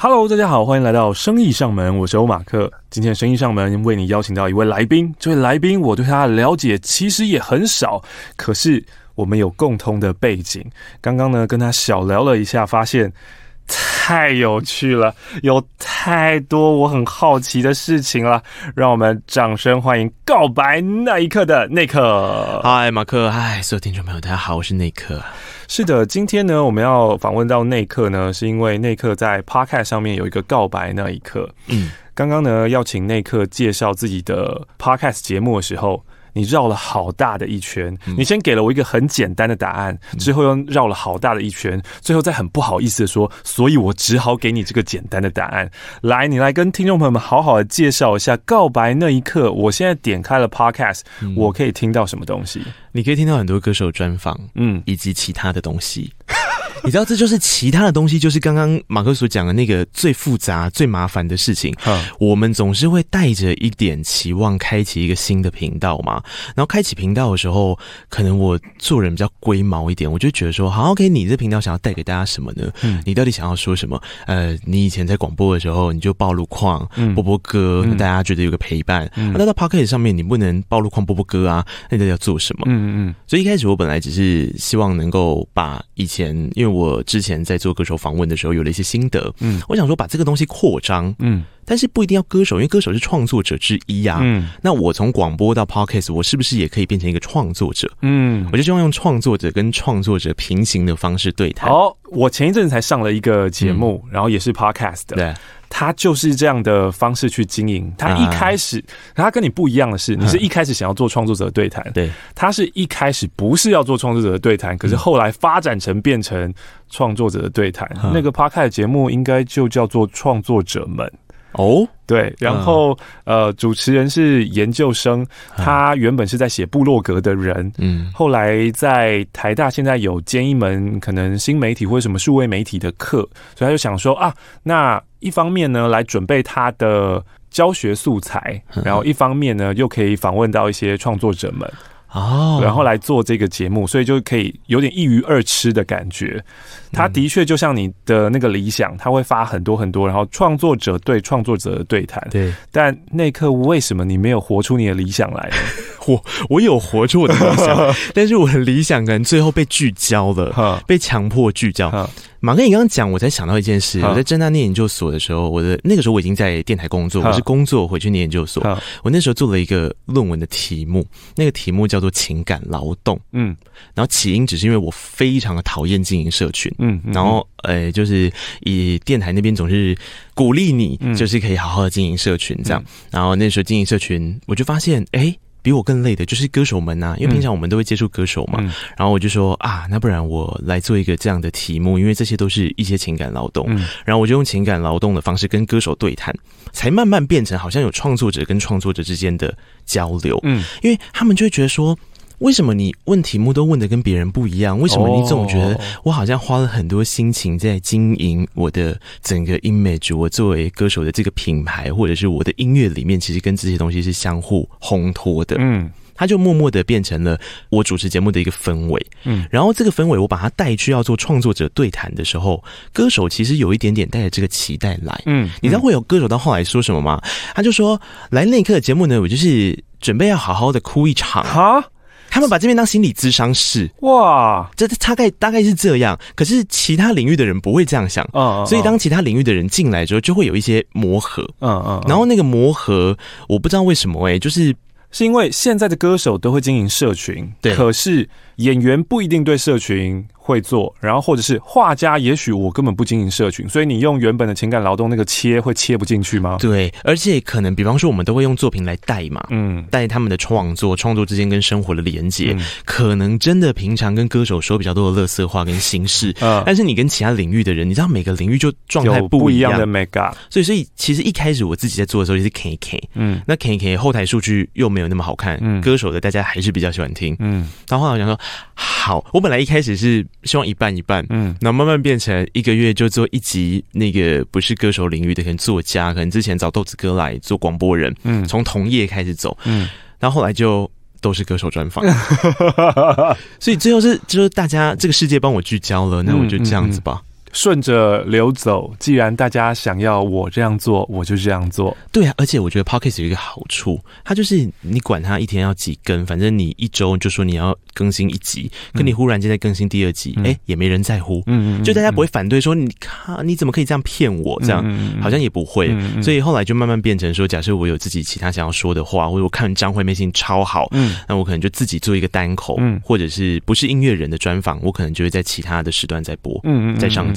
Hello，大家好，歡迎來到生意上門，我是歐馬克。今天生意上門為你邀請到一位來賓，這位來賓我對他的了解其實也很少，可是我們有共通的背景。剛剛呢跟他小聊了一下，發現太有趣了， 有太多我很好奇的事情了。讓我們掌聲歡迎《告白那一刻》的內克。嗨，馬克，嗨，所有聽眾朋友，大家好，我是內克。是的，今天呢，我們要訪問到內克呢，是因為內克在 Podcast 上面有一個告白那一刻。嗯，剛剛呢，要請內克介紹自己的 Podcast 節目的時候。你繞了好大的一圈，你先給了我一個很簡單的答案，嗯，之後又繞了好大的一圈，最後再很不好意思的說，所以我只好給你這個簡單的答案。來，你來跟聽眾朋友們好好的介紹一下《告白那一刻》。我現在點開了 Podcast，嗯，我可以聽到什麼東西？你可以聽到很多歌手專訪，嗯，以及其他的東西。 你知道這就是其他的東西，就是剛剛馬克所講的那個最複雜、最麻煩的事情。Huh. 我們總是會帶着一點期望開啟一個新的頻道嘛。然後開啟頻道的時候，可能我做人比較龜毛一點，我就覺得說：好，OK，你這頻道想要帶給大家什麼呢、嗯？你到底想要說什麼？呃，你以前在廣播的時候，你就暴露狂、播播歌，大家覺得有個陪伴。那、嗯啊、到 Podcast 上面，你不能暴露狂、播播歌啊，那你到底要做什麼？嗯嗯。所以一開始我本來只是希望能夠把以前因為，我之前在做歌手訪問的時候有了一些心得，嗯，我想說把這個東西擴張，嗯，但是不一定要歌手，因為歌手是創作者之一呀、啊，嗯，那我從廣播到 podcast，我是不是也可以變成一個創作者？嗯，我就希望用創作者跟創作者平行的方式對談。好、哦，我前一陣子才上了一個節目、嗯，然後也是 podcast 對。他就是這樣的方式去經營。他一開始，他跟你不一樣的是，你是一開始想要做創作者的對談，對，他是一開始不是要做創作者的對談，可是後來發展成變成創作者的對談。那個 Podcast 的節目應該就叫做創作者們哦，對。然後呃，主持人是研究生，他原本是在寫部落格的人，嗯，後來在台大現在有兼一門可能新媒體或者什麼數位媒體的課，所以他就想說啊，那。一方面呢，來準備他的教學素材，然後一方面呢，又可以訪問到一些創作者們哦，Oh. 然後來做這個節目，所以就可以有點一魚二吃的感覺。他的確就像你的那個理想，他會發很多很多，然後創作者對創作者的對談。對，但那一刻為什麼你沒有活出你的理想來呢？我我有活出我的理想，但是我的理想可能最後被聚焦了，被強迫聚焦。馬哥，你剛剛講，我才想到一件事。 我在政大念研究所的時候，我的那個時候我已經在電台工作，我是工作回去念研究所。我那時候做了一個論文的題目，那個題目叫做“情感勞動”。嗯，然後起因只是因為我非常的討厭經營社群。嗯，然後誒、哎，就是以電台那邊總是鼓勵你，就是可以好好的經營社群這樣、嗯。然後那時候經營社群，我就發現，哎，比我更累的就是歌手們呐、啊，因為平常我們都會接觸歌手嘛。嗯、然後我就說啊，那不然我來做一個這樣的題目，因為這些都是一些情感勞動、嗯。然後我就用情感勞動的方式跟歌手對談，才慢慢變成好像有創作者跟創作者之間的交流。嗯，因為他們就會覺得說。為什麼你問題目都問得跟別人不一樣？為什麼你總覺得我好像花了很多心情在經營我的整個 image，我作為歌手的這個品牌，或者是我的音樂裡面，其實跟這些東西是相互烘托的。嗯，他就默默的變成了我主持節目的一個氛圍。嗯，然後這個氛圍我把它帶去要做創作者對談的時候，歌手其實有一點點帶着這個期待來。嗯，嗯，你知道會有歌手到後來說什麼嗎？他就說：“來那一刻的節目呢，我就是準備要好好的哭一場。”哈。他們把這邊當心理諮商室哇，這大概大概是這樣。可是其他領域的人不會這樣想啊、嗯嗯嗯，所以當其他領域的人進來之後，就會有一些磨合。嗯嗯，嗯，然後那個磨合，我不知道為什麼哎、欸，就是是因為現在的歌手都會經營社群，對，可是演員不一定對社群。會做，然後或者是畫家，也許我根本不經營社群，所以你用原本的情感勞動那個切會切不進去嗎？對，而且可能比方說我們都會用作品來帶嘛，嗯，帶他們的創作，創作之間跟生活的連接，嗯，可能真的平常跟歌手說比較多的垃圾話跟心事，呃，但是你跟其他領域的人，你知道每個領域就狀態不一樣，不一樣的，所以所以其實一開始我自己在做的時候就是 K K，嗯，那 K K 後台數據又沒有那麼好看，嗯，歌手的大家還是比較喜歡聽，嗯，然後我想說，好，我本來一開始是。希望一半一半，嗯，然後慢慢變成一個月就做一集那個不是歌手領域的，可能作家，可能之前找豆子哥來做廣播人，嗯，從同業開始走，嗯，然後後來就都是歌手專訪，哈哈哈，所以最後是就是大家這個世界幫我聚焦了，那我就這樣子吧。嗯嗯嗯順着流走，既然大家想要我這樣做，我就這樣做。對啊，而且我覺得 Podcast 有一個好處，它就是你管它一天要幾更，反正你一周就說你要更新一集，嗯、可你忽然間在更新第二集，哎、嗯欸，也沒人在乎，嗯，就大家不會反對說、嗯、你，看，你怎麼可以這樣騙我？這樣、嗯嗯嗯嗯、好像也不會、嗯嗯，所以後來就慢慢變成說，假設我有自己其他想要說的話，或者我看張惠妹性超好，嗯，那我可能就自己做一個單口，嗯，或者是不是音樂人的專訪，我可能就會在其他的時段再播，嗯嗯，再上。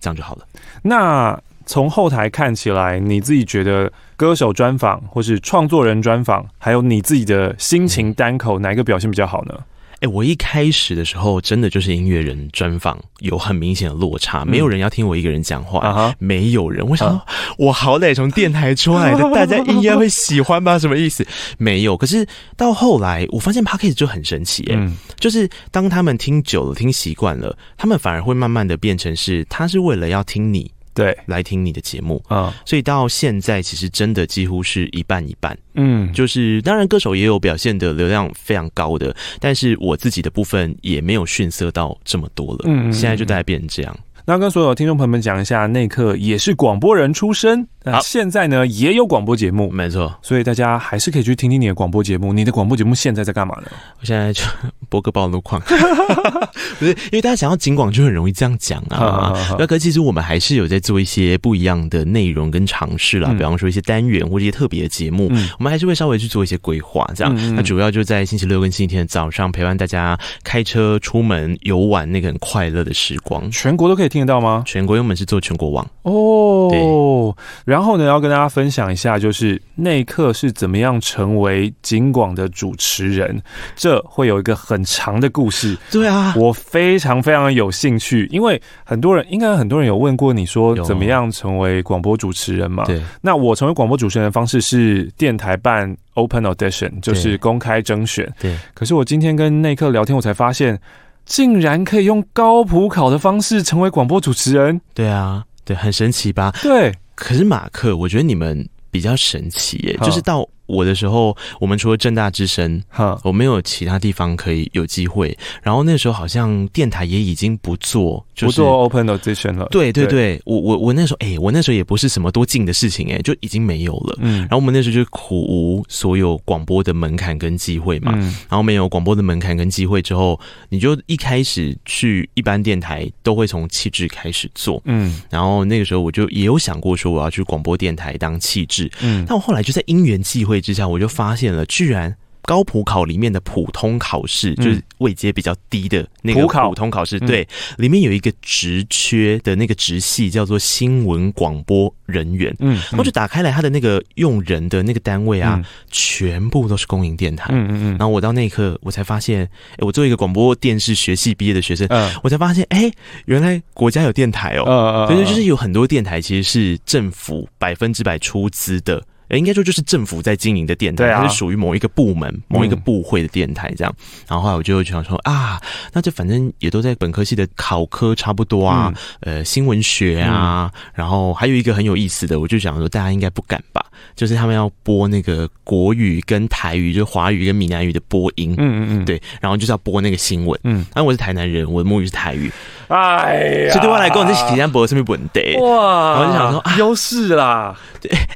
這樣就好了。那從後台看起來，你自己覺得歌手專訪或是創作人專訪，還有你自己的心情單口，哪一個表現比較好呢？哎、欸，我一開始的時候，真的就是音樂人專訪，有很明顯的落差，沒有人要聽我一個人講話、嗯，沒有人。為什麼？Uh -huh. 我好歹從電台出來的，大家應該會喜歡吧？ 什麼意思？沒有。可是到後來，我發現 Podcast 就很神奇、欸，哎、嗯，就是當他們聽久了、聽習慣了，他們反而會慢慢的變成是，他是為了要聽你。對，來聽你的節目啊、哦，所以到現在其實真的幾乎是一半一半，嗯，就是當然歌手也有表現的流量非常高的，但是我自己的部分也沒有遜色到這麼多了，嗯，嗯，嗯，嗯，現在就大概變成這樣。那跟所有聽眾朋友們講一下，內克也是廣播人出身。那現在呢，也有廣播節目，沒錯，所以大家還是可以去聽聽你的廣播節目。你的廣播節目現在在幹嘛呢？我現在就播個報路況 不是因為大家想要警廣就很容易這樣講啊。那 可是其實我們還是有在做一些不一樣的內容跟嘗試啦、嗯。比方說一些單元或一些特別的節目，嗯，我們還是會稍微去做一些規劃。這樣嗯嗯，那主要就在星期六跟星期天的早上陪伴大家開車出門遊玩那個很快樂的時光。全國都可以聽得到嗎？全國因為我們是做全國網哦，對然後呢，要跟大家分享一下，就是內克是怎麼樣成為警廣的主持人，這會有一個很長的故事。對啊，我非常非常有興趣，因為很多人應該很多人有問過你說怎麼樣成為廣播主持人嘛？對。那我成為廣播主持人的方式是電台辦 open audition，就是公開徵選。對。對可是我今天跟內克聊天，我才發現，竟然可以用高普考的方式成為廣播主持人。對啊，對，很神奇吧？對。可是馬克，我覺得你們比較神奇耶，就是到我的時候，我們除了政大之聲，哈，我沒有其他地方可以有機會。然後那時候好像電台也已經不做，不做 open audition 了。對對對，我我我那時候，哎、欸，我那時候也不是什麼多近的事情，欸，哎，就已經沒有了。嗯，然後我們那時候就苦無所有廣播的門檻跟機會嘛，嗯。然後沒有廣播的門檻跟機會之後，你就一開始去一般電台都會從氣質開始做。嗯，然後那個時候我就也有想過說我要去廣播電台當氣質。嗯，但我後來就在因緣際會。之下，我就發現了，居然，高普考裡面的普通考試、嗯，就是位階比較低的那個普考普通考試，對、嗯，裡面有一個職缺的那個職系叫做新聞廣播人員，嗯，我、嗯、就打開來，他的那個用人的那個單位啊，嗯、全部都是公營電台，嗯嗯嗯，然後我到那一刻我、欸我一呃，我才發現，我作為一個廣播電視學系畢業的學生，我才發現，哎，原來國家有電台哦、喔，所、呃、以就是有很多電台其實是政府百分之百出資的。哎，應該說就是政府在經營的電台，它、啊、是屬於某一個部門、某一個部會的電台這樣。嗯、然後後來我就想說啊，那就反正也都在本科系的考科差不多啊。嗯、呃，新聞學啊、嗯，然後還有一個很有意思的，我就想說大家應該不敢吧，就是他們要播那個國語跟台語，就華語跟閩南語的播音。嗯、嗯嗯，對，然後就是要播那個新聞。嗯，那、啊、我是台南人，我的母語是台語。哎呀，所以對我來講在體健博上面本得哇，我就想說優勢、啊、啦。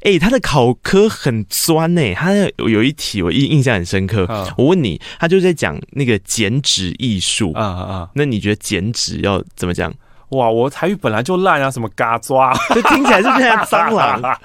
哎、欸，他的考科很酸呢、欸，他有一題我印印象很深刻、嗯，我問你，他就在講那個剪紙藝術啊啊，那你覺得剪紙要怎麼講？哇，我台語本來就爛啊，什麼嘎抓， 就聽起來就非常髒啦，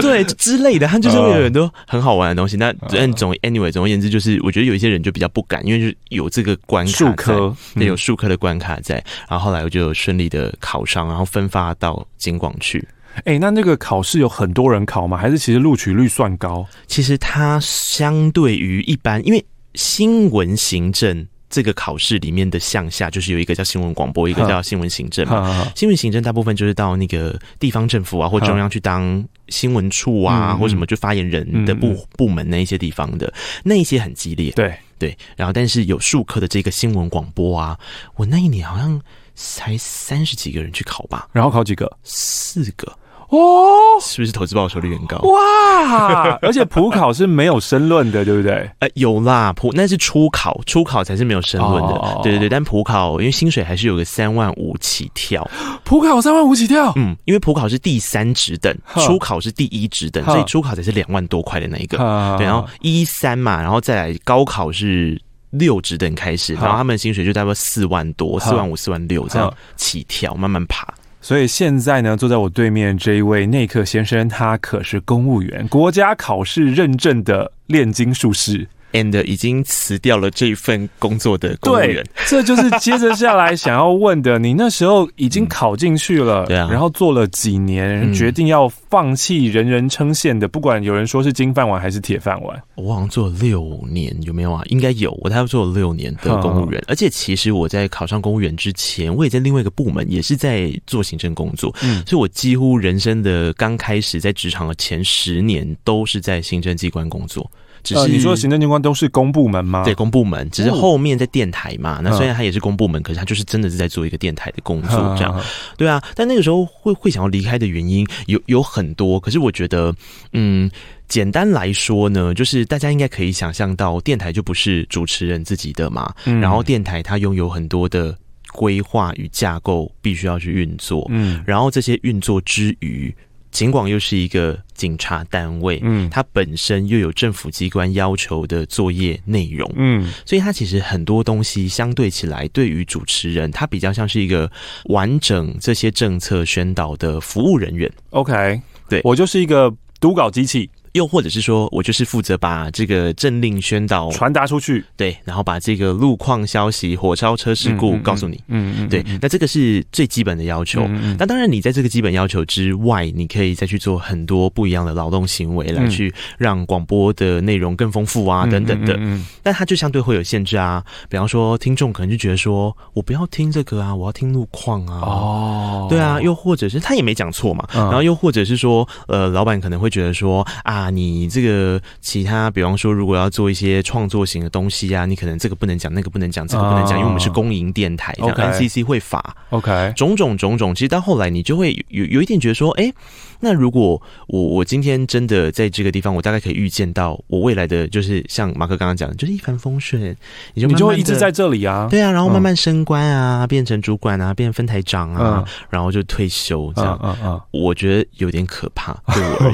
對，之類的，他就是有很多很好玩的東西。那嗯總 anyway，總而言之，就是我覺得有一些人就比較不敢，因為就有這個關卡，數科，對，有數科的關卡在、嗯。然後後來我就順利的考上，然後分發到警廣去。哎、欸，那那個考試有很多人考嗎？還是其實錄取率算高？其實它相對於一般，因為新聞行政。這個考試裡面的項下，就是有一個叫新聞廣播，一個叫新聞行政嘛。新聞行政大部分就是到那個地方政府啊，或中央去當新聞處啊，或什麼就發言人的部部門那一些地方的，那一些很激烈。對對，然後但是有數科的這個新聞廣播啊，我那一年好像才三十幾個人去考吧。然後考幾個？四個。哦，是不是投資報酬率很高？哇！ 而且普考是沒有申論的，對不對？哎、呃，有啦，普那是初考，初考才是沒有申論的、哦。對對對，但普考因為薪水還是有個三萬五起跳。普考三萬五起跳，嗯，因為普考是第三職等，初考是第一職等，所以初考才是兩萬多塊的那一個。對，然後一三嘛，然後再來高考是六職等開始，然後他們的薪水就大概四萬多、四萬五、四萬六這樣起跳，慢慢爬。所以現在呢，坐在我對面這一位內克先生，他可是公務員，國家考試認證的煉金術士。and 已經辭掉了這一份工作的公務員，對，這就是接着下來想要問的。 你那時候已經考進去了、嗯、對啊，然後做了幾年，嗯、決定要放棄人人稱羨的，不管有人說是金飯碗還是鐵飯碗。我好像做了六年，有沒有啊？應該有，我大概做了六年的公務員。而且其實我在考上公務員之前，我也在另外一個部門也是在做行政工作，嗯，所以我幾乎人生的剛開始在職場的前十年都是在行政機關工作。是呃、你說行政機關都是公部門嗎？對，公部門，只是後面在電台嘛。哦、那雖然他也是公部門、嗯，可是他就是真的是在做一個電台的工作，這樣呵呵呵。對啊，但那個時候會會想要離開的原因有有很多，可是我覺得，嗯，簡單來說呢，就是大家應該可以想象到，電台就不是主持人自己的嘛。嗯、然後電台它擁有很多的規劃與架構，必須要去運作。嗯，然後這些運作之餘。警廣又是一個警察單位，嗯，它本身又有政府機關要求的作業內容，嗯，所以它其實很多東西相對起來，對於主持人，他比較像是一個完整這些政策宣導的服務人員。OK，對。我就是一個讀稿機器。又或者是說，我就是負責把這個政令宣導傳達出去，對，然後把這個路況消息、火燒車事故告訴你，嗯嗯，嗯，嗯，對，那這個是最基本的要求。嗯，那、嗯、當然，你在這個基本要求之外，你可以再去做很多不一樣的勞動行為，來去讓廣播的內容更豐富啊、嗯，等等的。嗯，嗯嗯嗯，但他就相對會有限制啊，比方說聽眾可能就覺得說我不要聽這個啊，我要聽路況啊，哦，對啊。又或者是他也沒講錯嘛、嗯，然後又或者是說，呃，老闆可能會覺得說啊。啊，你這個其他，比方說，如果要做一些創作型的東西啊，你可能這個不能講，那個不能講，這個不能講，uh, 因為我們是公營電台，NCC 會罰，OK，種種種種，其實到後來你就會有有一點覺得說，哎、欸。那如果我我今天真的在這個地方，我大概可以預見到我未來的，就是像馬克剛剛講的，就是一帆風順，你就慢慢你就會一直在這裡啊，對啊，然後慢慢升官啊，嗯、變成主管啊，變分台長啊、嗯，然後就退休這樣啊啊、嗯嗯嗯，我覺得有點可怕對我而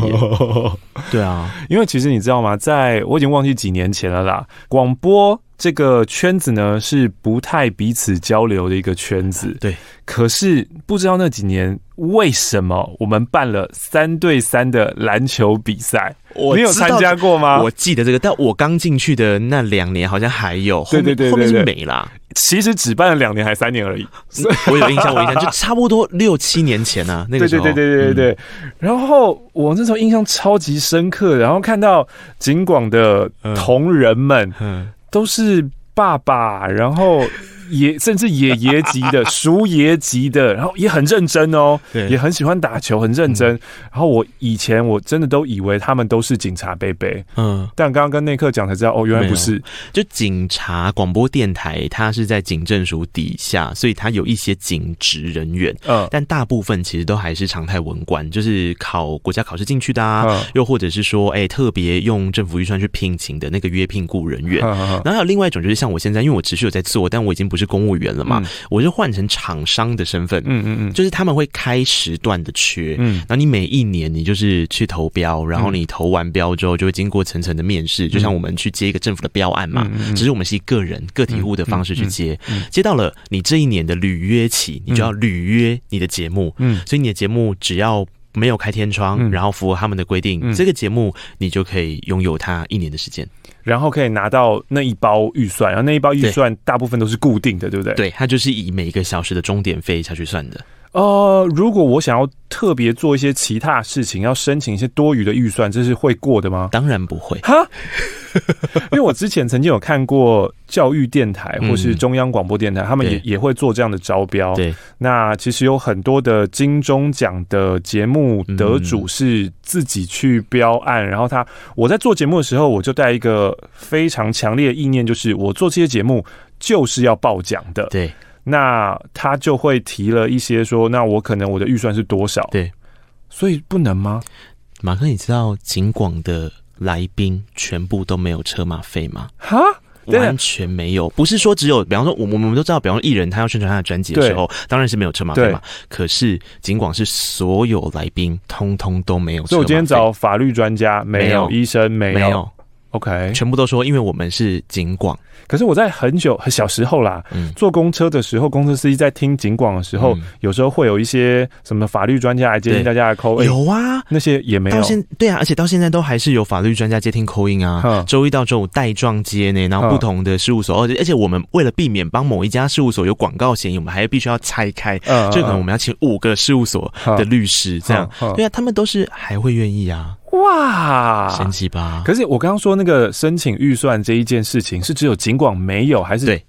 言， 對啊，因為其實你知道嗎，在我已經忘記幾年前了啦，廣播。這個圈子呢，是不太彼此交流的一個圈子，對。可是不知道那幾年為什麼我們辦了三對三的籃球比賽，你有參加過嗎？我記得這個，但我剛進去的那兩年好像還有，對對，對對對，後面沒啦。其實只辦了兩年還是三年而已，我有印象，我印象就差不多六七年前呢、啊。那個時候，對對對對對對，對、嗯。然後我那時候印象超級深刻，然後看到景廣的同仁們。嗯嗯都是爸爸，然後。也甚至也爺級的 叔爺級的，然後也很認真哦，對，也很喜歡打球，很認真，嗯。然後我以前我真的都以為他們都是警察杯杯，嗯，但剛剛跟內克講才知道，哦，原來不是。就警察廣播電台，它是在警政署底下，所以它有一些警職人員，嗯，但大部分其實都還是常態文官，就是考國家考試進去的啊，嗯，又或者是說，哎，欸，特別用政府預算去聘請的那個約聘雇人員。嗯，然後還有另外一種，就是像我現在，因為我持續有在做，但我已經不。是公務員了嘛？嗯、我是換成廠商的身份，嗯嗯嗯，就是他們會開時段的缺，嗯，然後你每一年你就是去投標，然後你投完標之後就會經過層層的面試、嗯，就像我們去接一個政府的標案嘛，嗯、只是我們是以個人個、嗯、體戶的方式去接、嗯嗯嗯，接到了你這一年的履約期，你就要履約你的節目，嗯，所以你的節目只要沒有開天窗、嗯，然後符合他們的規定、嗯，這個節目你就可以擁有它一年的時間，然後可以拿到那一包預算，然後那一包預算大部分都是固定的，對，對不對？對，它就是以每一個小時的鐘點費下去算的。呃，如果我想要特別做一些其他事情，要申請一些多餘的預算，這是會過的嗎？當然不會哈。 因為我之前曾經有看過教育電台或是中央廣播電台，嗯、他們也也會做這樣的招標。對，那其實有很多的金鐘獎的節目得主是自己去標案，嗯、然後他我在做節目的時候，我就帶一個非常強烈的意念，就是我做這些節目就是要報獎的。對。那他就會提了一些說，那我可能我的預算是多少？對，所以不能嗎？馬克，你知道警廣的來賓全部都沒有車馬費嗎？哈？完全沒有，不是說只有，比方說，我我們我們都知道，比方藝人他要宣傳他的專輯的時候，當然是沒有車馬費嘛。可是警廣是所有來賓通通都沒有車馬費，所以我今天找法律專家，沒有,沒有醫生，沒有。沒有 OK，全部都說，因為我們是警廣。可是我在很久很小時候啦、嗯，坐公車的時候，公車司機在聽警廣的時候、嗯，有時候會有一些什麼法律專家來接聽大家的 call in。有啊，那些也沒有現。對啊，而且到現在都還是有法律專家接聽 call in 啊。週、嗯、一到週五帶狀接呢，然後不同的事務所。嗯、而且我們為了避免幫某一家事務所有廣告嫌疑，我們還必須要拆開、嗯。就可能我們要請五個事務所的律師、嗯、這樣、嗯嗯。對啊，他們都是還會願意啊。哇，神奇吧！可是我剛剛說那個申請預算這一件事情，是只有盡管沒有，還是對。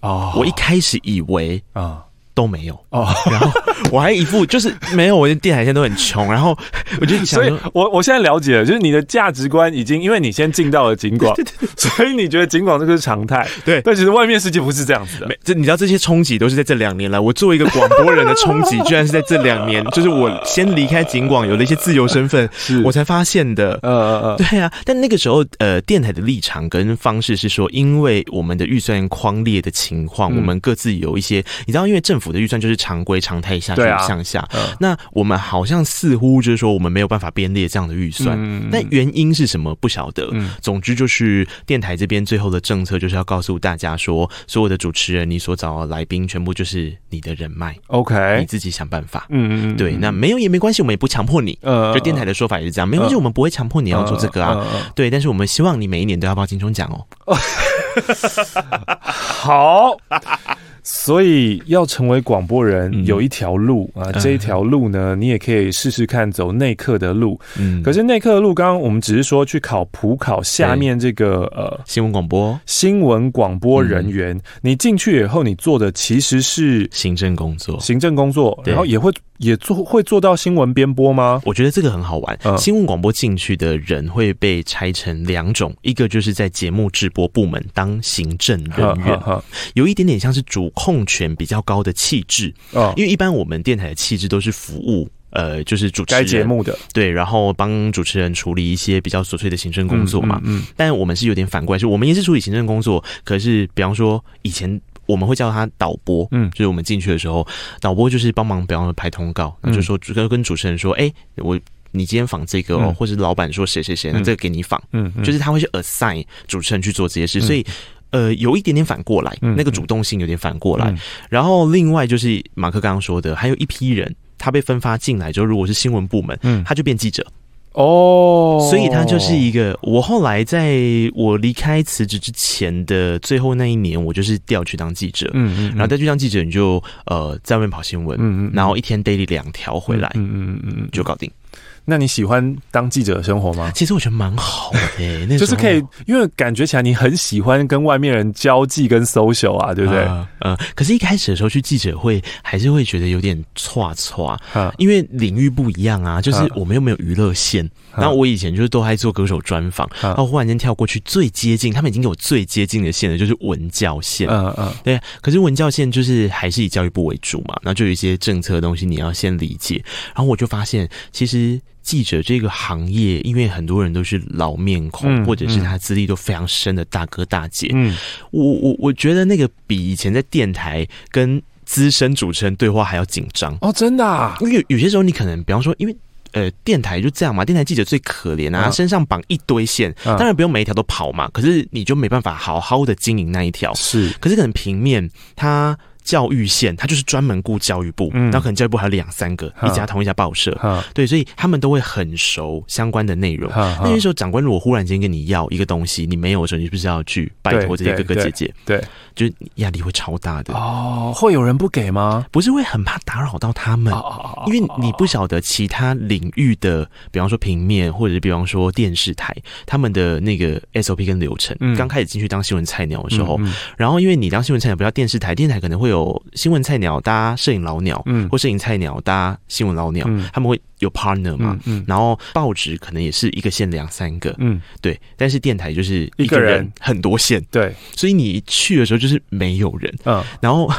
哦，我一開始以為啊。嗯都沒有哦，然後我還一副就是沒有，我電台現在都很窮，然後我就想，所以，我我現在了解了，就是你的價值觀已經因為你先進到了警廣， 所以你覺得警廣這個是常態，對，但其實外面世界不是這樣子的沒。這你知道，這些衝擊都是在這兩年來，我作為一個廣播人的衝擊， 居然是在這兩年，就是我先離開警廣，有了一些自由身份， 我才發現的。呃，對啊，但那個時候，呃，電台的立場跟方式是說，因為我們的預算匡列的情況、嗯，我們各自有一些，你知道，因為政府。府的預算就是常規常態下去向下，啊，那我們好像似乎就是說我們沒有辦法編列這樣的預算，那、嗯、原因是什麼不曉得、嗯。總之就是電台這邊最後的政策就是要告訴大家說，所有的主持人你所找的來賓全部就是你的人脈，OK，你自己想辦法。嗯嗯，對，那沒有也沒關係，我們也不強迫你、嗯。就電台的說法也是這樣，嗯、沒關係、嗯，我們不會強迫你要做這個啊、嗯嗯。對，但是我們希望你每一年都要報金鐘獎哦。 好。所以要成為廣播人有一條路啊，這一條路呢，你也可以試試看走內克的路。嗯，可是內克的路，剛剛我們只是說去考普考，下面這個呃，新聞廣播，新聞廣播人員，你進去以後，你做的其實是行政工作，行政工作，然後也會也做會做到新聞編播嗎？我覺得這個很好玩。新聞廣播進去的人會被拆成兩種，一個就是在節目製播部門當行政人員，有一點點像是主。控權比較高的氣質，因為一般我們電台的氣質都是服務，呃，就是主持節目的，對，然後幫主持人處理一些比較瑣碎的行政工作嘛，嗯嗯，嗯，但我們是有點反過來，是我們也是處理行政工作，可是比方說以前我們會叫他導播，嗯，就是我們進去的時候，導播就是幫忙比方說拍通告，那就說跟、嗯、跟主持人說，哎、欸，我你今天訪這個、哦嗯，或是老闆說誰誰誰，那這個給你訪、嗯，嗯，就是他會去 assign 主持人去做這些事，嗯、所以。呃，有一點點反過來，那個主動性有點反過來、嗯嗯。然後另外就是馬克剛剛說的，還有一批人，他被分發進來之後，就如果是新聞部門，嗯、他就變記者哦，所以他就是一個。我後來在我離開辭職之前的最後那一年，我就是調去當記者，嗯嗯,嗯，然後再去當記者你就呃在外面跑新聞，嗯嗯,嗯，然後一天 daily 兩條回來，嗯嗯嗯,嗯，就搞定。那你喜歡當記者的生活嗎？其實我覺得蠻好的、欸， 就是可以， 因為感覺起來你很喜歡跟外面人交際跟 social 啊，對不對？嗯。嗯可是，一開始的時候去記者會，還是會覺得有點剉剉、嗯，因為領域不一樣啊，就是我們又沒有娛樂線。嗯嗯然後我以前就是都愛做歌手專訪、啊，然後忽然間跳過去最接近，他們已經有最接近的線的就是文教線。嗯、啊、嗯、啊，對、啊。可是文教線就是還是以教育部為主嘛，然後就有一些政策的東西你要先理解。然後我就發現，其實記者這個行業，因為很多人都是老面孔，嗯、或者是他資歷都非常深的大哥大姐。嗯。我我我覺得那個比以前在電台跟資深主持人對話還要緊張哦，真的、啊。因為有，有些時候你可能，比方說，因為。呃，電台就這樣嘛，電台記者最可憐啊，嗯，身上綁一堆線，嗯，當然不用每一條都跑嘛，可是你就沒辦法好好的經營那一條。是，可是可能平面它。教育線，他就是專門僱教育部、嗯，然後可能教育部還有兩三個、嗯、一家同一家報社、嗯，對，所以他們都會很熟相關的內容、嗯。那些時候長官如果忽然間跟你要一個東西，嗯、你沒有的時候，你是不是要去拜托這些哥哥姐姐對對對？對，就壓力會超大的。哦，會有人不給嗎？不是會很怕打擾到他們、哦哦，因為你不曉得其他領域的，比方說平面，或者是比方說電視台，他們的那個 SOP 跟流程。嗯、剛開始進去當新聞菜鳥的時候，嗯嗯、然後因為你當新聞菜鳥，不要電視台，電視台可能會有。有新聞菜鳥搭攝影老鳥，嗯，或攝影菜鳥搭新聞老鳥，嗯，他們會有 partner 嘛？嗯，嗯然後報紙可能也是一個線兩三個，嗯，對。但是電台就是一個人很多線，對。所以你一去的時候就是沒有人，嗯。然後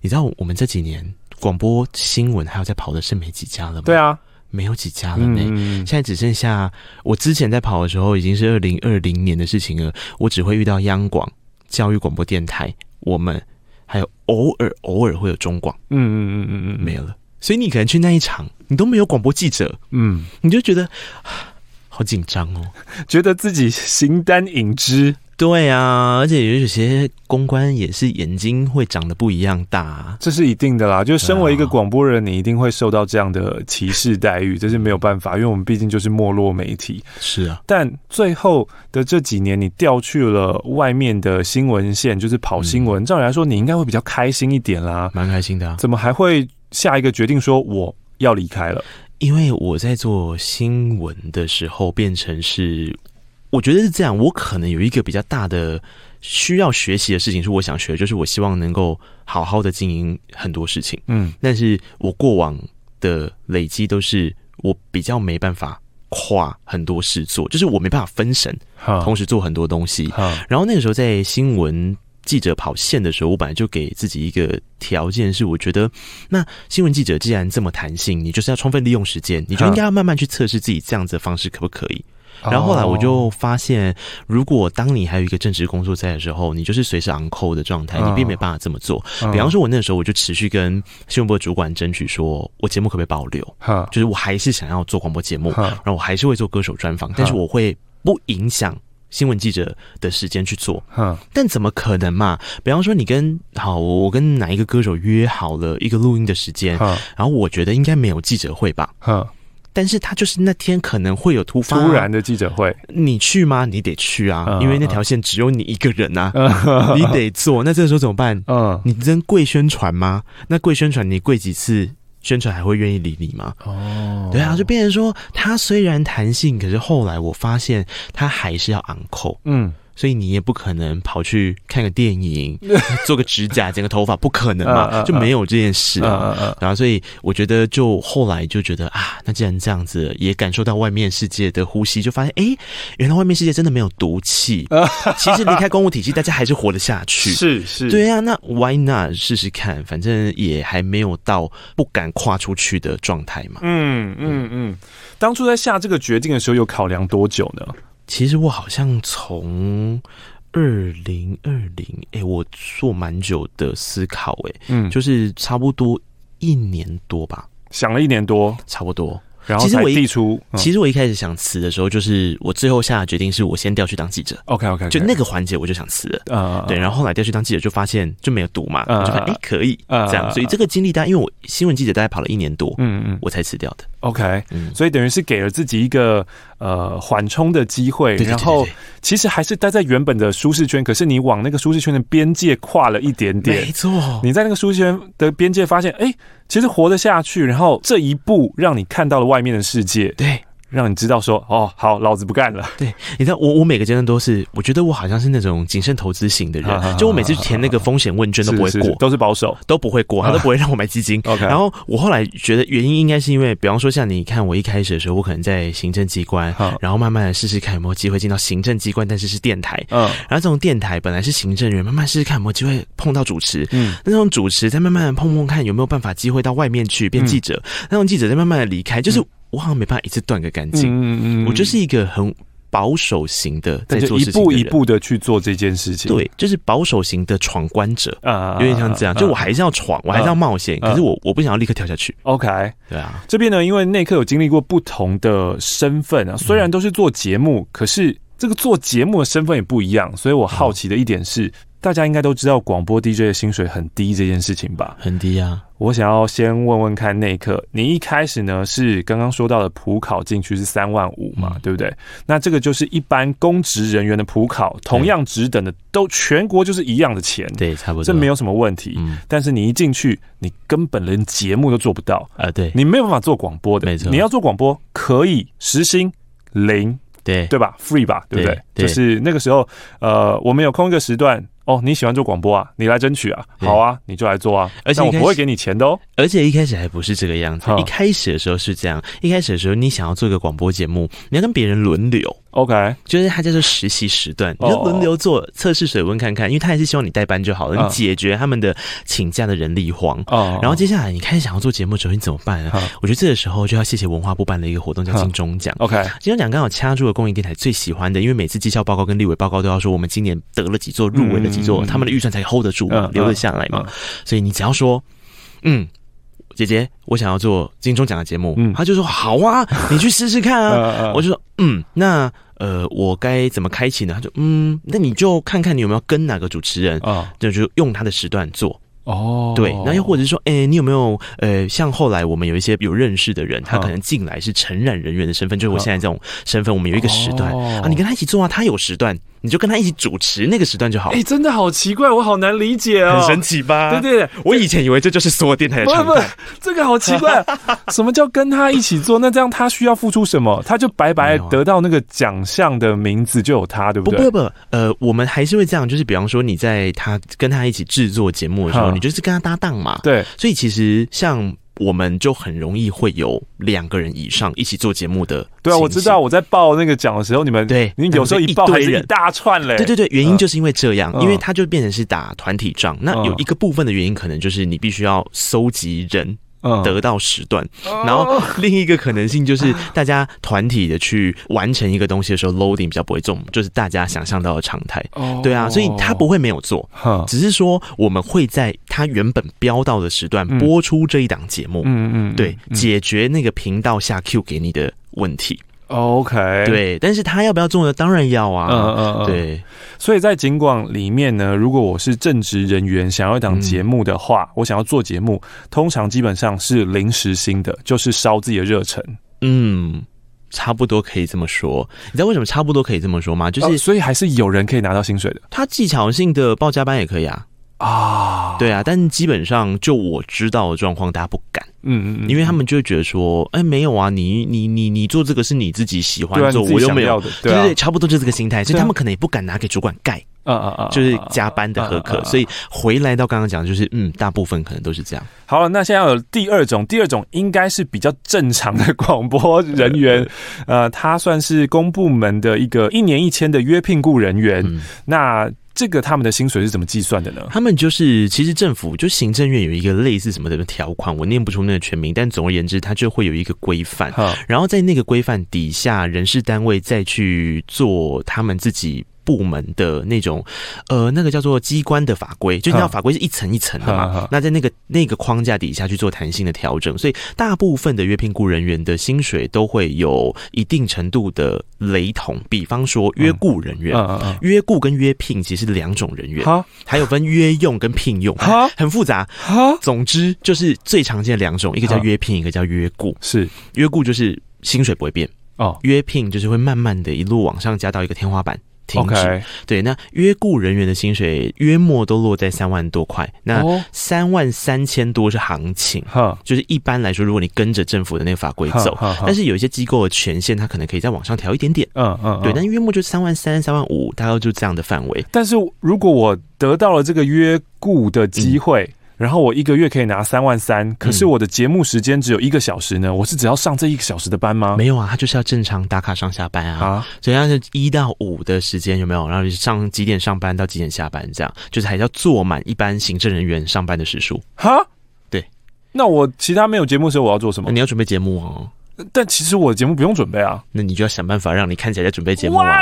你知道我們這幾年廣播新聞還有在跑的是沒幾家了嗎？對啊，沒有幾家了沒、欸嗯。現在只剩下我之前在跑的時候已經是二零二零年的事情了，我只會遇到央廣、教育廣播電台，我們。還有偶爾偶爾會有中廣，嗯嗯嗯嗯嗯，沒了。所以你可能去那一場，你都沒有廣播記者，嗯，你就覺得好緊張哦，覺得自己形單影只。對啊，而且有些公關也是眼睛會長得不一樣大，啊，這是一定的啦。就身為一個廣播人，啊、你一定會受到這樣的歧視待遇， 這是沒有辦法，因為我們畢竟就是沒落媒體。是啊，但最後的這幾年，你調去了外面的新聞線，就是跑新聞。嗯、照理來說，你應該會比較開心一點啦，蠻開心的，啊。怎麼還會下一個決定說我要離開了？因為我在做新聞的時候，變成是。我覺得是這樣，我可能有一個比較大的需要學習的事情，是我想學的，就是我希望能夠好好的經營很多事情，嗯，但是我過往的累積都是我比較沒辦法跨很多事做，就是我沒辦法分神，同時做很多東西。然後那個時候在新聞記者跑線的時候，我本來就給自己一個條件是，我覺得那新聞記者既然這麼彈性，你就是要充分利用時間，你就應該要慢慢去測試自己這樣子的方式可不可以。然後後來我就發現，如果當你還有一個正職工作在的時候，你就是隨時昂扣的狀態，你並沒辦法這麼做。比方說，我那時候我就持續跟新聞部的主管爭取，說我節目可不可以保留，就是我還是想要做廣播節目，然後我還是會做歌手專訪，但是我會不影響新聞記者的時間去做。但怎麼可能嘛？比方說，你跟，好，我跟哪一個歌手約好了一個錄音的時間，然後我覺得應該沒有記者會吧？但是他就是那天可能會有突發、啊、突然的記者會，你去嗎？你得去啊，uh、因為那條線只有你一個人啊。Uh 嗯、你得做，那這個時候怎麼辦？嗯、uh，你真跪宣傳嗎？那跪宣傳，你跪幾次，宣傳還會願意理你嗎？哦、oh.，對啊，就變成說他雖然彈性，可是後來我發現他還是要昂扣，嗯。所以你也不可能跑去看個電影， 做個指甲，剪個頭髮，不可能嘛？Uh, uh, uh, 就沒有這件事啊。Uh, uh, uh, uh, 然後，所以我覺得，就後來就覺得啊，那既然這樣子，也感受到外面世界的呼吸，就發現，哎、欸，原來外面世界真的沒有毒氣。Uh, 其實離開公務體系， 大家還是活得下去。是是，對啊，那 why not 試試看？反正也還沒有到不敢跨出去的狀態嘛。嗯嗯嗯，嗯。當初在下這個決定的時候，有考量多久呢？其實我好像從二零二零，哎，我做蠻久的思考、欸，哎，嗯，就是差不多一年多吧，想了一年多，差不多。然後其實我一出、嗯，其實我一開始想辭的時候，就是我最後下的決定是我先調去當記者 okay,，OK OK，就那個環節我就想辭了，啊、uh,，對。然後後來調去當記者，就發現就沒有讀嘛，我、uh, 就看哎、欸、可以，uh, 這樣。所以這個經歷，但因為我新聞記者大概跑了一年多，嗯嗯，我才辭掉的。OK，嗯，所以等於是給了自己一個呃緩衝的機會，對對對對，然後其實還是待在原本的舒適圈，可是你往那個舒適圈的邊界跨了一點點，沒錯，你在那個舒適圈的邊界發現，哎，其實活得下去，然後這一步讓你看到了外面的世界，對。讓你知道說哦，好，老子不幹了。對，你知道我我每個階段都是，我覺得我好像是那種謹慎投資型的人，啊，就我每次填那個風險問卷都不會過，是是是，都是保守，都不會過，他都不會讓我買基金。啊 okay. 然後我後來覺得原因應該是因為，比方說像你看，我一開始的時候，我可能在行政機關，然後慢慢的試試看有沒有機會進到行政機關，但是是電台，嗯、啊，然後這種電台本來是行政人員，慢慢試試看有沒有機會碰到主持，嗯，那種主持再慢慢的碰碰看有沒有辦法機會到外面去變記者，嗯，那種記者再慢慢的離開，就是。我好像沒辦法一次斷個乾淨，嗯嗯嗯嗯嗯，我就是一個很保守型的，在做嗯嗯嗯、就是、一步一步的去做這件事情。對，就是保守型的闖關者、嗯、啊，啊，啊，有點像這樣。嗯啊、就我還是要闖，我還是要冒險、嗯呃，可是我我不想要立刻跳下去。嗯嗯 OK，對啊。這邊呢，因為內克有經歷過不同的身份啊，雖然都是做節目，嗯嗯，可是這個做節目的身份也不一樣。所以我好奇的一點是，嗯、大家應該都知道廣播 DJ 的薪水很低這件事情吧？很低呀、啊。我想要先問問看，內克你一開始呢是剛剛說到的普考進去是三萬五嘛，對不對？嗯、那這個就是一般公職人員的普考，同樣職等的都全國就是一樣的錢，對，差不多，這沒有什麼問題。嗯、但是你一進去，你根本連節目都做不到啊，對，你沒有辦法做廣播的，你要做廣播可以時薪零，對對吧？Free 吧，對不對，對？就是那個時候，呃，我們有空一個時段。哦，你喜歡做廣播啊？你來爭取啊？Yeah. 好啊，你就來做啊！而且但我不會給你錢的哦、喔。而且一開始還不是這個樣子，一開始的時候是這樣，一開始的時候你想要做一個廣播節目，你要跟別人輪流。OK，就是他在這實習時段，oh. 你就輪流做測試水溫看看，因為他還是希望你代班就好了，uh. 你解決他們的請假的人力荒。哦、uh.，然後接下來你開始想要做節目的時候，你怎麼辦啊？Uh. 我覺得這個時候就要謝謝文化部辦的一個活動叫金鐘獎。Uh. OK，金鐘獎剛好掐住了公營電台最喜歡的，因為每次績效報告跟立委報告都要說我們今年得了幾座入圍的幾座、嗯，他們的預算才 hold 得住嘛，uh. 留得下來嘛。Uh. Uh. 所以你只要說，嗯，姐姐，我想要做金鐘獎的節目，嗯、uh.，他就說好啊， 你去試試看啊。Uh. 我就說，嗯，那。呃，我該怎麼開啟呢？他說，嗯，那你就看看你有沒有跟哪個主持人，oh. 就就用他的時段做哦。Oh. 對，那又或者說，哎、欸，你有沒有呃，像後來我們有一些有認識的人，他可能進來是承攬人員的身份，oh. 就是我現在這種身份，oh. 我們有一個時段、oh. 啊，你跟他一起做啊，他有時段。你就跟他一起主持那個時段就好了。哎、欸，真的好奇怪，我好難理解哦、喔。很神奇吧？ 對對對，我以前以為這就是所有電台的常態。不不不，這個好奇怪， 什麼叫跟他一起做？那這樣他需要付出什麼？他就白白得到那個獎項的名字，就有他沒有啊，對不對？不不不，呃，我們還是會這樣，就是比方說你在他跟他一起製作節目的時候，你就是跟他搭檔嘛。對，所以其實像。我們就很容易會有兩個人以上一起做節目的，對啊，我知道我在報那個獎的時候，你們對，你有時候一報還是一大串嘞、欸嗯，對對對，原因就是因為這樣，嗯、因為他就變成是打團體仗、嗯，那有一個部分的原因可能就是你必須要搜集人得到時段，然後另一個可能性就是大家團體的去完成一個東西的時候，loading 比較不會重，就是大家想象到的常態。對啊，所以他不會沒有做，只是說我們會在他原本標到的時段播出這一檔節目。嗯嗯，對，嗯嗯，解決那個頻道下 Q 給你的問題。OK，對，但是他要不要做的，當然要啊。嗯嗯嗯，對，所以在警廣裡面呢，如果我是正職人員，想要一檔節目的話、嗯，我想要做節目，通常基本上是臨時性的，就是燒自己的熱忱。嗯，差不多可以這麼說。你知道為什麼差不多可以這麼說嗎？就是、呃、所以還是有人可以拿到薪水的。他技巧性的報加班也可以啊。啊、oh，對啊，但基本上就我知道的狀況，大家不敢，嗯嗯嗯，因為他們就會覺得說，哎、欸，沒有啊，你你你你做這個是你自己喜歡做，我又沒要的，對、啊、對、對、對差不多就這個心態，所以他們可能也不敢拿給主管蓋，啊啊啊，就是加班的核可，所以回來到剛剛講，就是嗯，大部分可能都是這樣。好了，那現在有第二種，第二種應該是比較正常的廣播人員， 呃，他算是公部門的一個一年一簽的約聘雇人員，嗯、那。這個他們的薪水是怎麼計算的呢？他們就是，其實政府就行政院有一個類似什麼的條款，我念不出那個全名，但總而言之，它就會有一個規範，然後在那個規範底下，人事單位再去做他們自己部門的那種，呃，那個叫做機關的法規，就你知道法規是一層一層的嘛、啊啊啊。那在那個那個框架底下去做彈性的調整，所以大部分的約聘雇人員的薪水都會有一定程度的雷同。比方說，約雇人員、嗯嗯嗯嗯，約雇跟約聘其實是兩種人員、啊，還有分約用跟聘用，啊、很複雜、啊。總之就是最常見的兩種，一個叫約聘，一個叫約雇、啊。是約雇就是薪水不會變哦，約聘就是會慢慢的一路往上加到一個天花板。停止。Okay. 對，那約雇人員的薪水約莫都落在三萬多塊。那三萬三千多是行情，oh. 就是一般來說，如果你跟着政府的那個法規走，oh. 但是有一些機構的權限，他可能可以再往上調一點點。嗯嗯，對，那約莫就三萬三、三萬五，大概就這樣的範圍。但是如果我得到了這個約雇的機會。嗯然後我一個月可以拿三萬三，可是我的節目時間只有一個小時呢、嗯。我是只要上這一個小時的班嗎？沒有啊，他就是要正常打卡上下班啊。只、啊、要是一到五的時間有沒有？然後上幾點上班到幾點下班這樣，就是還要做滿一般行政人員上班的時數。哈，對。那我其他沒有節目時候我要做什麼、啊？你要準備節目哦。但其實我的節目不用準備啊，那你就要想辦法讓你看起來在準備節目啊。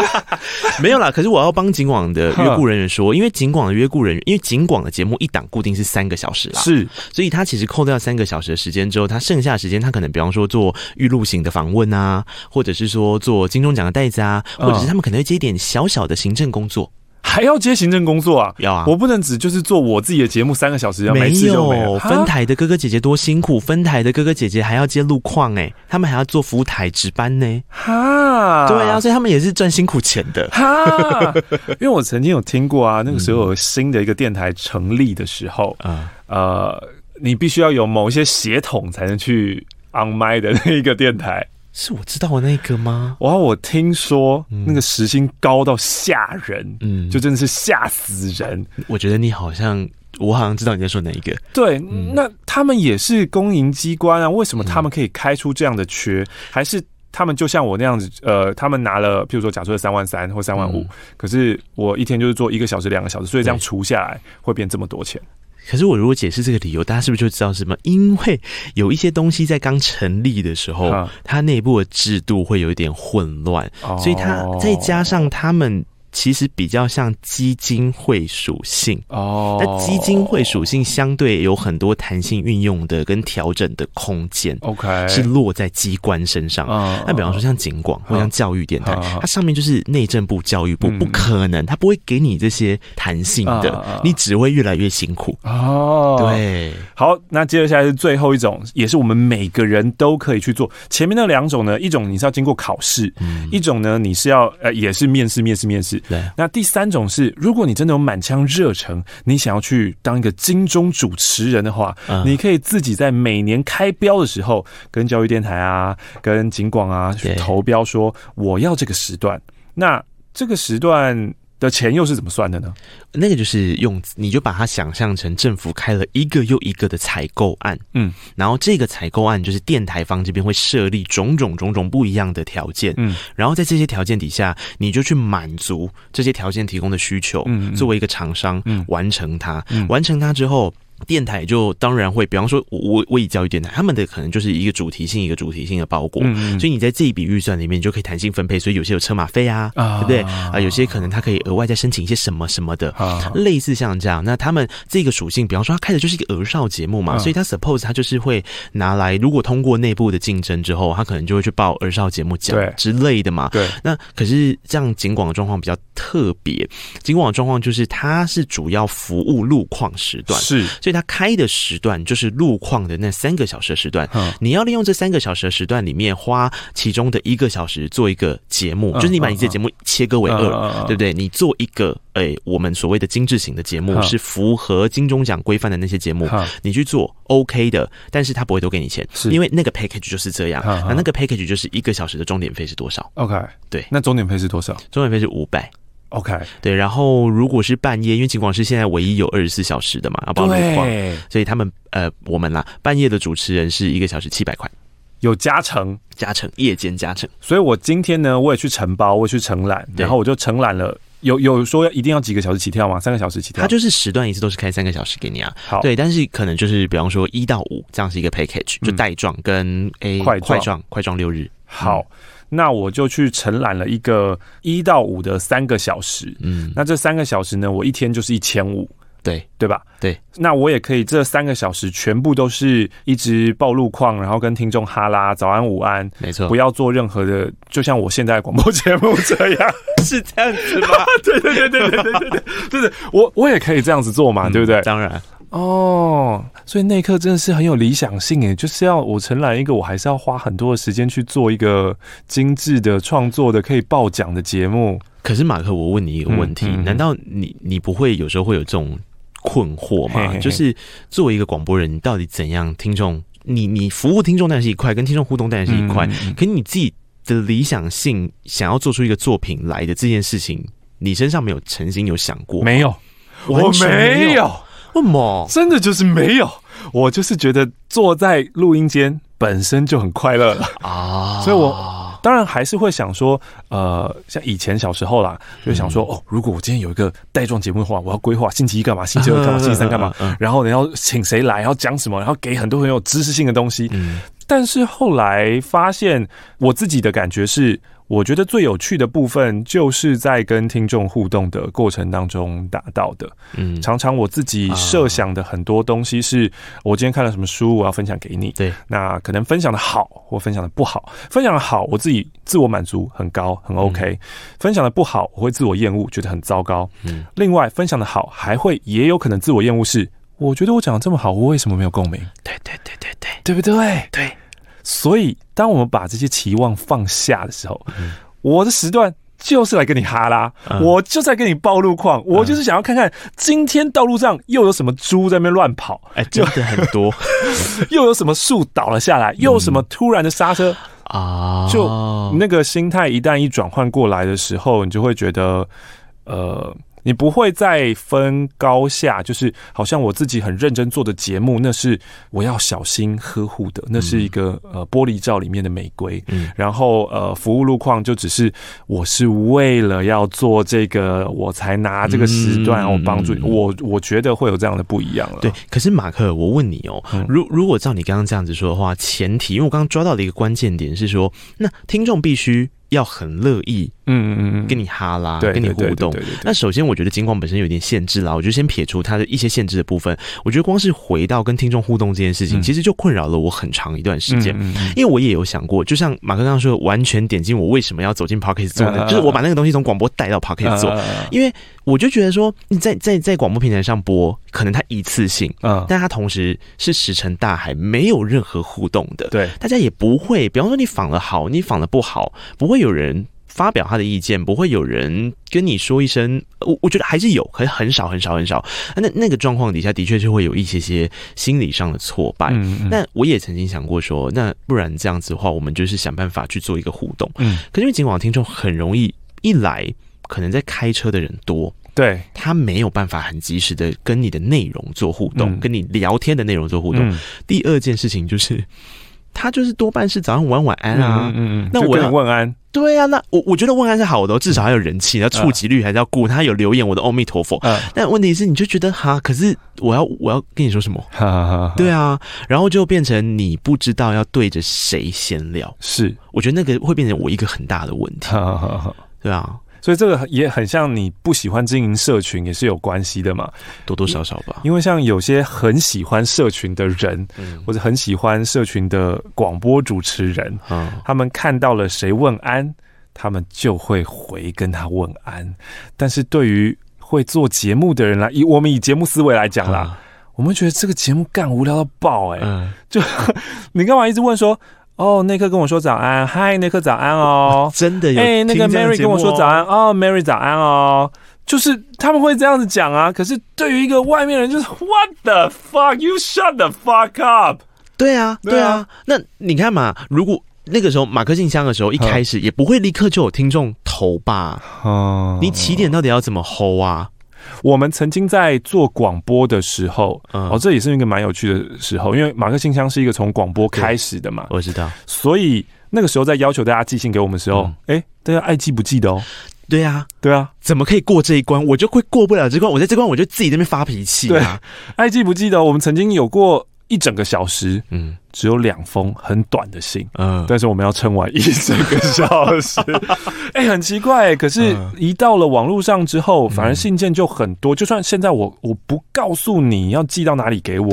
沒有啦，可是我要幫警廣的約僱人員說，因為警廣的約僱人員，因為警廣的節目一檔固定是三個小時啦，是，所以他其實扣掉三個小時的時間之後，他剩下的時間他可能比方說做預錄型的訪問啊，或者是說做金鐘獎的帶子啊，或者是他們可能會接一點小小的行政工作。嗯還要接行政工作啊？要啊！我不能只就是做我自己的節目三個小時，沒有沒就沒分台的哥哥姐姐多辛苦，分台的哥哥姐姐還要接路況，哎，他們還要做服務台值班呢、欸。哈，對啊，所以他們也是賺辛苦錢的。哈， 因為我曾經有聽過啊，那個時候有新的一個電台成立的時候啊、嗯，呃，你必須要有某一些血統，才能去 on 麥的那個電台。是我知道的那個嗎？哇，我聽說那個時薪高到嚇人，嗯，就真的是嚇死人。我覺得你好像，我好像知道你在說哪一個。對，嗯、那他們也是公營機關啊？為什麼他們可以開出這樣的缺，嗯？還是他們就像我那樣子？呃，他們拿了，譬如說，假設三萬三或三萬五，嗯，可是我一天就是做一個小時、兩個小時，所以這樣除下來會變這麼多錢。可是我如果解釋這個理由，大家是不是就知道是什麼？因為有一些東西在剛成立的時候，嗯、它內部的制度會有一點混亂、哦，所以它再加上他們。其實比較像基金會屬性哦，那、oh, 基金會屬性相對有很多彈性運用的跟調整的空間，OK，是落在機關身上。那、uh, 比方說像警廣、uh, 或像教育電台，uh, 它上面就是內政部、教育部，uh, 不可能，它不會給你這些彈性的，uh, 你只會越來越辛苦哦。Uh, uh, 對，好，那接下來是最後一種，也是我們每個人都可以去做。前面那兩種呢，一種你是要經過考試、嗯，一種呢你是要呃也是面試面面、面試、面試。對，那第三種是，如果你真的有滿腔熱忱，你想要去當一個金鐘主持人的話，嗯、你可以自己在每年開標的時候，跟教育電台啊、跟警廣啊去投標，說我要這個時段。那這個時段。的錢又是怎麼算的呢？那個就是用，你就把它想象成政府開了一個又一個的採購案，嗯，然後這個採購案就是電台方這邊會設立種種種種不一樣的條件，嗯，然後在這些條件底下，你就去滿足這些條件提供的需求，嗯，嗯，作為一個廠商，嗯，完成它，嗯，完成它之後。電台就當然會，比方說我，我我以教育電台，他們的可能就是一個主題性、一個主題性的包裹，嗯、所以你在這一筆預算裡面，你就可以彈性分配。所以有些有車馬費啊,啊，對不對？啊，有些可能他可以額外再申請一些什麼什麼的，啊、類似像這樣。那他們這個屬性，比方說他開的就是一個兒少節目嘛、啊，所以他 suppose 他就是會拿來，如果通過內部的競爭之後，他可能就會去報兒少節目獎之類的嘛。對，對那可是這樣，警廣的狀況比較特別。警廣的狀況就是，他是主要服務路況時段，是。因為他開的時段就是路況的那三個小時時段，你要利用這三個小時時段裡面，花其中的一個小時做一個節目、嗯，就是你把你自己節目切割為二、嗯嗯，對不對？你做一個，誒、欸，我們所謂的精致型的節目、嗯，是符合金鐘獎規範的那些節目、嗯，你去做 OK 的，但是他不會多給你錢，是、嗯、因為那個 package 就是這樣是、嗯，那那個 package 就是一個小時的鐘點費是多少？OK，對，那鐘點費是多少？鐘點費是五百。OK，對，然後如果是半夜，因為警廣是現在唯一有二十四小時的嘛，啊，包括，對，所以他們呃，我們啦，半夜的主持人是一個小時七百塊，有加成，加成夜間加成，所以我今天呢，我也去承包，我也去承攬，然後我就承攬了，有有說要一定要幾個小時起跳嗎？三個小時起跳，它就是時段一次都是開三個小時給你啊，好，對，但是可能就是比方說一到五，這樣是一個 package，、嗯、就帶狀跟 A 塊狀，塊狀六日，嗯、好。那我就去承攬了一個一到五的三個小時，嗯，那這三個小時呢，我一天就是一千五，對對吧？對，那我也可以這三個小時全部都是一直報路況，然後跟聽眾哈拉，早安午安，沒錯，不要做任何的，就像我現在的廣播節目這樣， 是這樣子嗎？ 對，對，對對對對對對對， 對，對，對，我我也可以這樣子做嘛，嗯、對不對？當然。哦、oh，所以那一刻真的是很有理想性誒，就是要我承攬一個，我還是要花很多的時間去做一個精緻的創作的可以報獎的節目。可是馬克，我問你一個問題：嗯嗯、難道你你不會有時候會有這種困惑嗎？嘿嘿嘿，就是作為一個廣播人，你到底怎樣？聽眾，你你服務聽眾當然是一塊，跟聽眾互動當然是一塊、嗯嗯嗯，可是你自己的理想性想要做出一個作品來的這件事情，你身上沒有曾經有想過？沒有，沒有，我沒有。麼？真的就是沒有。我，我就是覺得坐在錄音間本身就很快樂了啊， 所以我當然還是會想說，呃，像以前小時候啦，就想說，嗯、哦，如果我今天有一個帶狀節目的話，我要規劃星期一幹嘛，星期二幹嘛，星期三幹嘛，然後你要請誰來，要講什麼，然後給很多很有知識性的東西。嗯但是後來發現，我自己的感覺是，我覺得最有趣的部分就是在跟聽眾互動的過程當中達到的。嗯，常常我自己設想的很多東西是，我今天看了什麼書，我要分享給你。對，那可能分享的好或分享的不好，分享的好，我自己自我滿足很高，很 OK；分享的不好，我會自我厭惡，覺得很糟糕。嗯，另外，分享的好還會也有可能自我厭惡，是我覺得我講的這麼好，我為什麼沒有共鳴？對對對對對，對不對？對，對。所以，當我們把這些期望放下的時候，嗯、我的時段就是來跟你哈拉，嗯、我就在跟你報路況、嗯，我就是想要看看今天道路上又有什麼豬在那邊亂跑，哎、欸，就對很多 又、嗯，又有什麼樹倒了下來，又有什麼突然的剎車啊、嗯，就那個心態一旦一轉換過來的時候，你就會覺得，呃。你不會再分高下，就是好像我自己很認真做的節目，那是我要小心呵護的，那是一個呃玻璃罩裡面的玫瑰。嗯、然後呃，服務路況就只是我是為了要做這個，我才拿這個時段，我幫助你、嗯嗯。我我覺得會有這樣的不一樣了。對，可是馬克，我問你哦，如果如果照你剛剛這樣子說的話，前提，因為我剛剛抓到的一個關鍵點是說，那聽眾必須要很樂意。嗯嗯嗯，跟你哈拉，跟你互動、啊啊啊啊。那首先，我覺得金礦本身有點限制啦，我就先撇出它的一些限制的部分。我覺得光是回到跟聽眾互動這件事情，嗯、其實就困擾了我很長一段時間、嗯，因為我也有想過，就像馬克剛說，完全點進我為什麼要走進 Podcast 做呢？就是我把那個東西從廣播帶到 Podcast 做，因為我就覺得說，你在在在廣播平台上播，可能它一次性，但它同時是石沉大海，沒有任何互動的，對，大家也不會，比方說你放的好，你放的不好，不會有人。發表他的意見，不會有人跟你說一聲。我我覺得還是有，可很少很少很少。那那個狀況底下的確是會有一些些心理上的挫敗、嗯嗯。那我也曾經想過說，那不然這樣子的話，我們就是想辦法去做一個互動。嗯、可是因為儘管聽眾很容易一來，可能在開車的人多，對他沒有辦法很及時的跟你的內容做互動、嗯，跟你聊天的內容做互動、嗯。第二件事情就是。他就是多半是早上晚晚安啊，嗯嗯，那我有問安，對啊，那我我覺得問安是好的，至少還有人氣，然後觸及率還是要顧、嗯，他有留言我的阿彌陀佛、嗯，但問題是你就覺得哈，可是我要我要跟你說什麼，哈，哈哈哈，對啊，然後就變成你不知道要對着誰閒聊，是，我覺得那個會變成我一個很大的問題，哈哈哈哈，對啊。所以這個也很像你不喜歡經營社群也是有關係的嘛，多多少少吧。因為像有些很喜歡社群的人，或者很喜歡社群的廣播主持人，他們看到了誰問安，他們就會回跟他問安。但是對於會做節目的人來，以我們以節目思維來講啦，我們覺得這個節目乾無聊到爆哎、欸，就 你幹嘛一直問說？哦、oh,，內克跟我說早安嗨，Hi, 內克早安哦，真的有 hey, 那個 Mary 跟我說早安哦、oh,，Mary 早安哦，就是他們會這樣子講啊，可是對於一個外面人就是 What the fuck you shut the fuck up？對啊，對啊，對啊 那你看嘛，如果那個時候馬克信箱的時候一開始也不會立刻就有聽眾投吧，哦， 你起點到底要怎麼 Hold 啊？我們曾經在做廣播的時候，嗯、哦，這也是一個蠻有趣的時候，因為馬克信箱是一個從廣播開始的嘛，我知道，所以那個時候在要求大家寄信給我們的時候，哎、嗯欸，大家愛記不記得哦？對呀、啊，對啊，怎麼可以過這一關？我就會過不了這關，我在這關我就自己在那邊發脾氣、啊。對，啊，愛記不記得、哦？我們曾經有過。一整個小時，嗯，只有兩封很短的信，嗯，但是我們要撐完一整個小時，哎、 欸，很奇怪、欸。可是，一到了網絡上之後，嗯、反而信件就很多。就算現在我我不告訴你要寄到哪裡給我，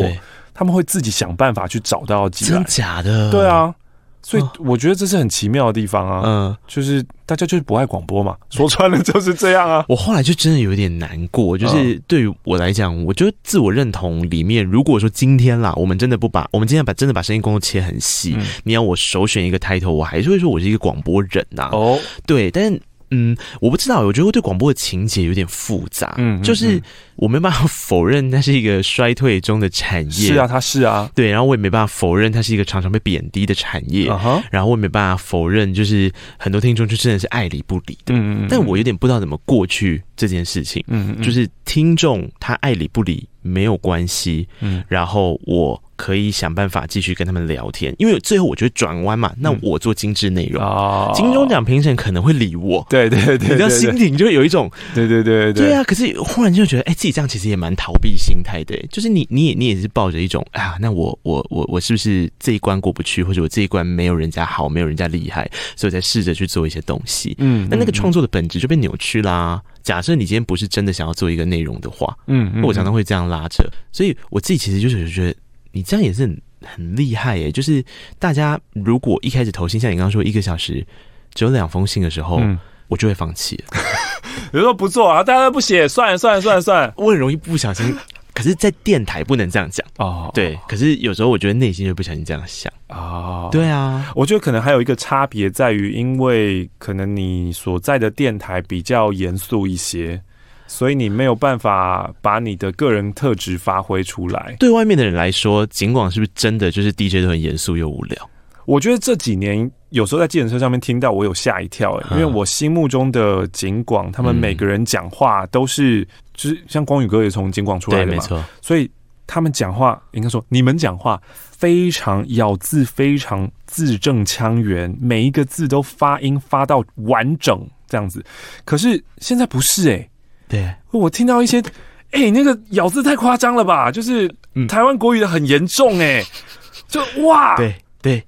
他們會自己想辦法去找到寄來。真的假的？對啊。所以我覺得這是很奇妙的地方啊，嗯，就是大家就是不愛廣播嘛，說穿了就是這樣啊。我後來就真的有點難過，就是對於我來講，我覺得自我認同裡面，如果說今天啦，我們真的不把我們今天把真的把聲音工作切很細，嗯，你要我首選一個 title，我還是會說我是一個廣播人吶、啊。哦，對，但。嗯，我不知道，我覺得我對廣播的情結，有點複雜。嗯，嗯，就是我沒辦法否認它是一個衰退中的產業。是啊，它是啊。對，然後我也沒辦法否認它是一個常常被貶低的產業，Uh-huh。然後我也沒辦法否認，就是很多聽眾就真的是愛理不理的，嗯嗯嗯嗯。但我有點不知道怎麼過去這件事情。嗯嗯嗯，就是聽眾他愛理不理沒有關係。嗯。然後我。可以想辦法繼續跟他們聊天，因為最後我覺得轉彎嘛，那我做精緻內容，嗯哦、金鐘獎評審可能會理我，對對對，對,對，你知道心理就會有一種，對,對對對對，對啊。可是忽然就覺得，哎、欸，自己這樣其實也蠻逃避心態的、欸，就是你你也你也是抱着一種，哎、啊、呀，那我我我我是不是這一關過不去，或者我這一關沒有人家好，沒有人家厲害，所以才試着去做一些東西。嗯，嗯那那個創作的本質就被扭曲啦。假設你今天不是真的想要做一個內容的話，嗯，嗯我常常會這樣拉扯，所以我自己其實就是覺得。你這樣也是很很厲害耶、欸！就是大家如果一開始投信，像你剛剛說一個小時只有兩封信的時候，嗯、我就會放棄了。比如說不做啊，大家都不寫，算了算了算了算了，我很容易不小心。 可是，在電台不能這樣講哦。Oh. 對，可是有時候我覺得內心就不小心這樣想哦。Oh. 對啊，我覺得可能還有一個差別在於，因為可能你所在的電台比較嚴肅一些。所以你沒有辦法把你的個人特質發揮出來。對外面的人來說，警廣是不是真的就是 DJ 都很嚴肅又無聊？我覺得這幾年有時候在計程車上面聽到，我有嚇一跳、欸、因為我心目中的警廣，他們每個人講話都是，就是像光宇哥也從警廣出來的嘛，所以他們講話應該說，你們講話非常咬字，非常字正腔圓，每一個字都發音發到完整這樣子。可是現在不是誒、欸。對，我聽到一些，哎、欸，那個咬字太誇張了吧？就是台灣國語的很嚴重，欸，哎、嗯，就哇！對對，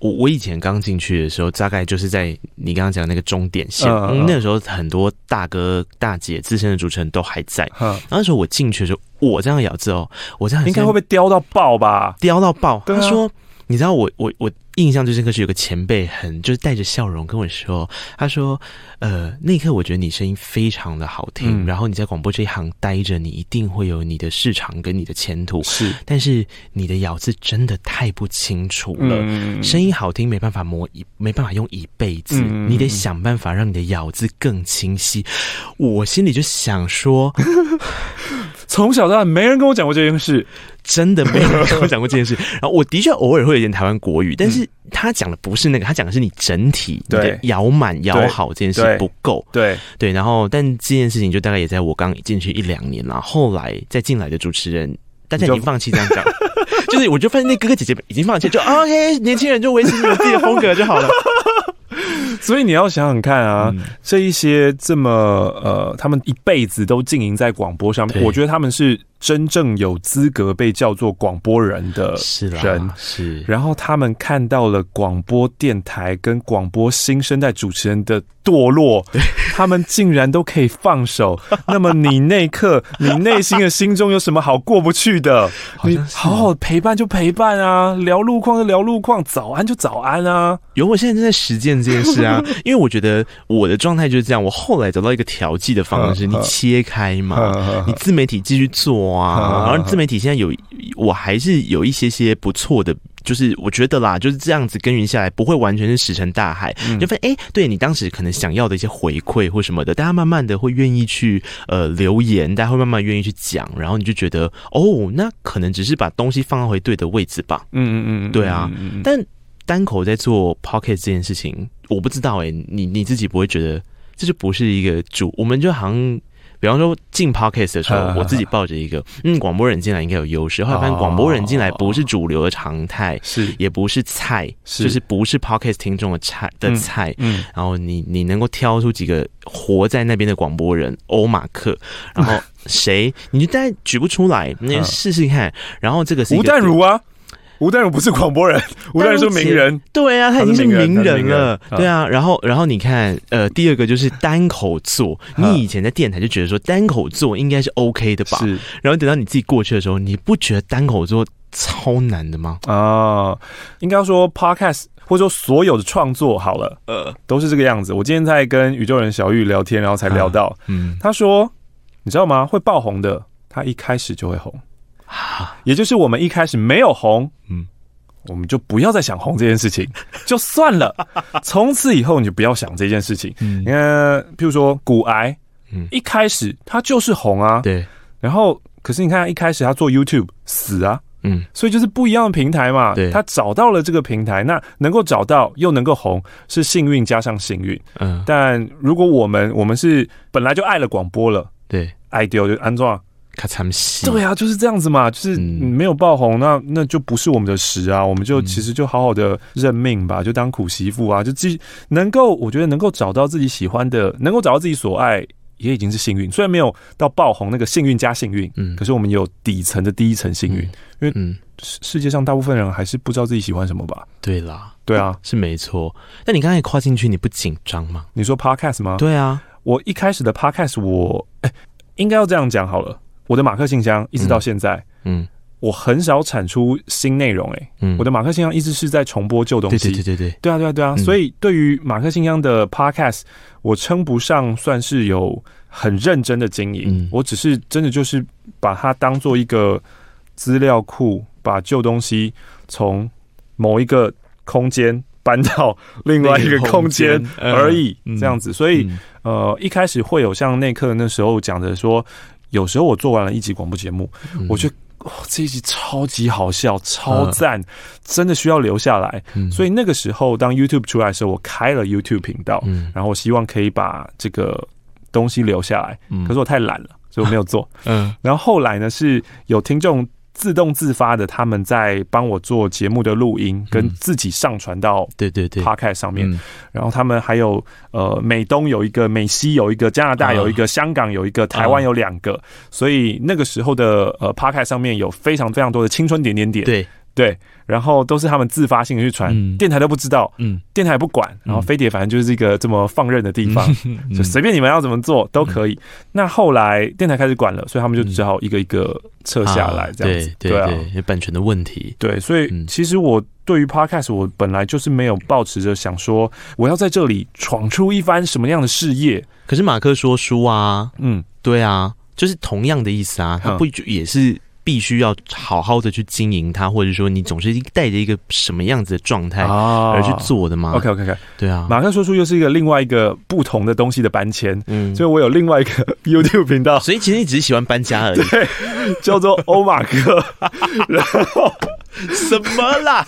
我我以前剛進去的時候，大概就是在你剛剛講那個終點線，嗯嗯、那個時候很多大哥大姐資深的主持人都還在。嗯、然後那時候我進去的時候，我這樣咬字哦、喔，我這樣，應該會不會叼到爆吧？叼到爆、啊，他說。你知道我我我印象最深刻是有個前輩，很就是帶着笑容跟我說，他說：“呃，那一刻我覺得你聲音非常的好聽，嗯、然後你在廣播這一行待着，你一定會有你的市場跟你的前途。是，但是你的咬字真的太不清楚了，嗯、聲音好聽沒辦法磨一沒辦法用一輩子、嗯，你得想辦法讓你的咬字更清晰。”我心裡就想說。 從小到大，沒人跟我講過這件事， 真的沒人跟我講過這件事。然後我的確偶爾會有點台灣國語，但是他講的不是那個，他講的是你整體對咬滿咬好這件事不夠。對對，然後但這件事情就大概也在我剛進去一兩年了。後來再進來的主持人，大家已經放棄這樣講，就是我就發現那哥哥姐姐已經放棄，就 OK，年輕人就維持你們自己的風格就好了。 所以你要想想看啊，嗯、這一些這麼呃，他們一輩子都經營在廣播上面，我覺得他們是。真正有資格被叫做廣播人的人，是，然後他們看到了廣播電台跟廣播新生代主持人的墮落，他們竟然都可以放手。那麼你那一刻，你內心的心中有什麼好過不去的？你好好陪伴就陪伴啊，聊路況就聊路況，早安就早安啊。有，我現在正在實踐這件事啊，因為我覺得我的狀態就是這樣。我後來得到一個調劑的方式，你切開嘛，你自媒體繼續做。哇！然後自媒體現在有、啊，我還是有一些些不錯的，就是我覺得啦，就是這樣子耕耘下來，不會完全是石沉大海。嗯、就哎、欸，對你當時可能想要的一些回饋或什麼的，大家慢慢的會願意去呃留言，大家會慢慢願意去講，然後你就覺得哦，那可能只是把東西放回對的位置吧。嗯嗯嗯，對啊、嗯嗯。但單口在做 Podcast 這件事情，我不知道哎、欸，你你自己不會覺得這就不是一個主？我們就好像。比方說進 Podcast 的時候，我自己抱着一個，嗯，廣播人進來應該有優勢。後來發現廣播人進來不是主流的常態，是、哦、也不是菜是，就是不是 Podcast 聽眾的菜的菜。嗯，然後你你能夠挑出幾個活在那邊的廣播人，歐、嗯、馬克，然後誰？你就再舉不出來，你試試看、嗯。然後這個是吳淡如啊。吳淡如不是廣播人，吳淡如是名人。對啊，他已經是名人，是名人，了，是名人了。對啊，啊，然後，然後你看，呃，第二個就是單口做、啊。你以前在電台就覺得說單口做應該是 OK 的吧？是。然後等到你自己過去的時候，你不覺得單口做超難的嗎？啊，應該說 Podcast 或者說所有的創作好了，呃，都是這個樣子。我今天在跟宇宙人小玉聊天，然後才聊到，啊、嗯，他說，你知道嗎？會爆紅的，他一開始就會紅。也就是我們一開始沒有紅，嗯，我們就不要再想紅這件事情，就算了。從 此以後你就不要想這件事情。你、嗯、看、呃，譬如說骨癌，嗯，一開始它就是紅啊，對。然後，可是你看一開始他做 YouTube 死啊，嗯，所以就是不一樣的平台嘛。對，他找到了這個平台，那能夠找到又能夠紅，是幸運加上幸運。嗯，但如果我們我們是本來就愛了廣播了，對，idea 就安裝。對啊，就是這樣子嘛，就是沒有爆紅，那那就不是我們的事啊，我們就其實就好好的認命吧，就當苦媳婦啊，就自己能夠，我覺得能夠找到自己喜歡的，能夠找到自己所愛，也已經是幸運。雖然沒有到爆紅那個幸運加幸運，嗯，可是我們也有底層的第一層幸運，嗯，因為嗯，世界上大部分人還是不知道自己喜歡什麼吧？對啦，對啊，是沒錯。但你剛才跨進去你不緊張嗎？你說 Podcast 嗎？對啊，我一開始的 Podcast，我哎，欸，應該要這樣講好了。我的馬克信箱一直到現在，嗯，嗯我很少產出新內容、欸，哎，嗯，我的馬克信箱一直是在重播舊東西，對對對對,對啊對啊對啊，嗯、所以對於馬克信箱的 podcast，我稱不上算是有很認真的經營、嗯，我只是真的就是把它當做一個資料庫，把舊東西從某一個空間搬到另外一個空間而已、嗯，這樣子。所以呃，一開始會有像內克那時候講的說。有時候我做完了一集廣播節目、嗯，我覺得、哦、這一集超級好笑、超讚、嗯，真的需要留下來。嗯、所以那個時候，當 YouTube 出來的時候，我開了 YouTube 頻道、嗯，然後我希望可以把這個東西留下來。嗯、可是我太懶了，所以我沒有做。嗯，然後後來呢，是有聽眾。自動自發的，他們在幫我做節目的錄音，跟自己上傳到對對對 Podcast 上面。然後他們還有呃，美東有一個，美西有一個，加拿大有一個，香港有一個，台灣有兩個。所以那個時候的呃 Podcast 上面有非常非常多的青春點點點。嗯嗯嗯。對。對，然後都是他們自發性的去傳，嗯、電台都不知道，嗯、電台也不管，然後飛碟反正就是一個這麼放任的地方，嗯、就隨便你們要怎麼做都可以，嗯。那後來電台開始管了，所以他們就只好一個一個撤下來，嗯啊，這樣子。對，對，對，對啊，有版權的問題。對，所以其實我對於 Podcast，我本來就是沒有抱持着想說我要在這裡闖出一番什麼樣的事業。可是馬克說書啊，嗯，對啊，就是同樣的意思啊，嗯、他不也是。必須要好好的去經營它，或者說你總是帶着一個什麼樣子的狀態而去做的嘛？OK、oh, OK OK，對啊，馬克說書又是一個另外一個不同的東西的搬遷，嗯，所以我有另外一個 YouTube 頻道，所以其實你只是喜歡搬家而已，對，叫做歐馬克， 然後什麼啦，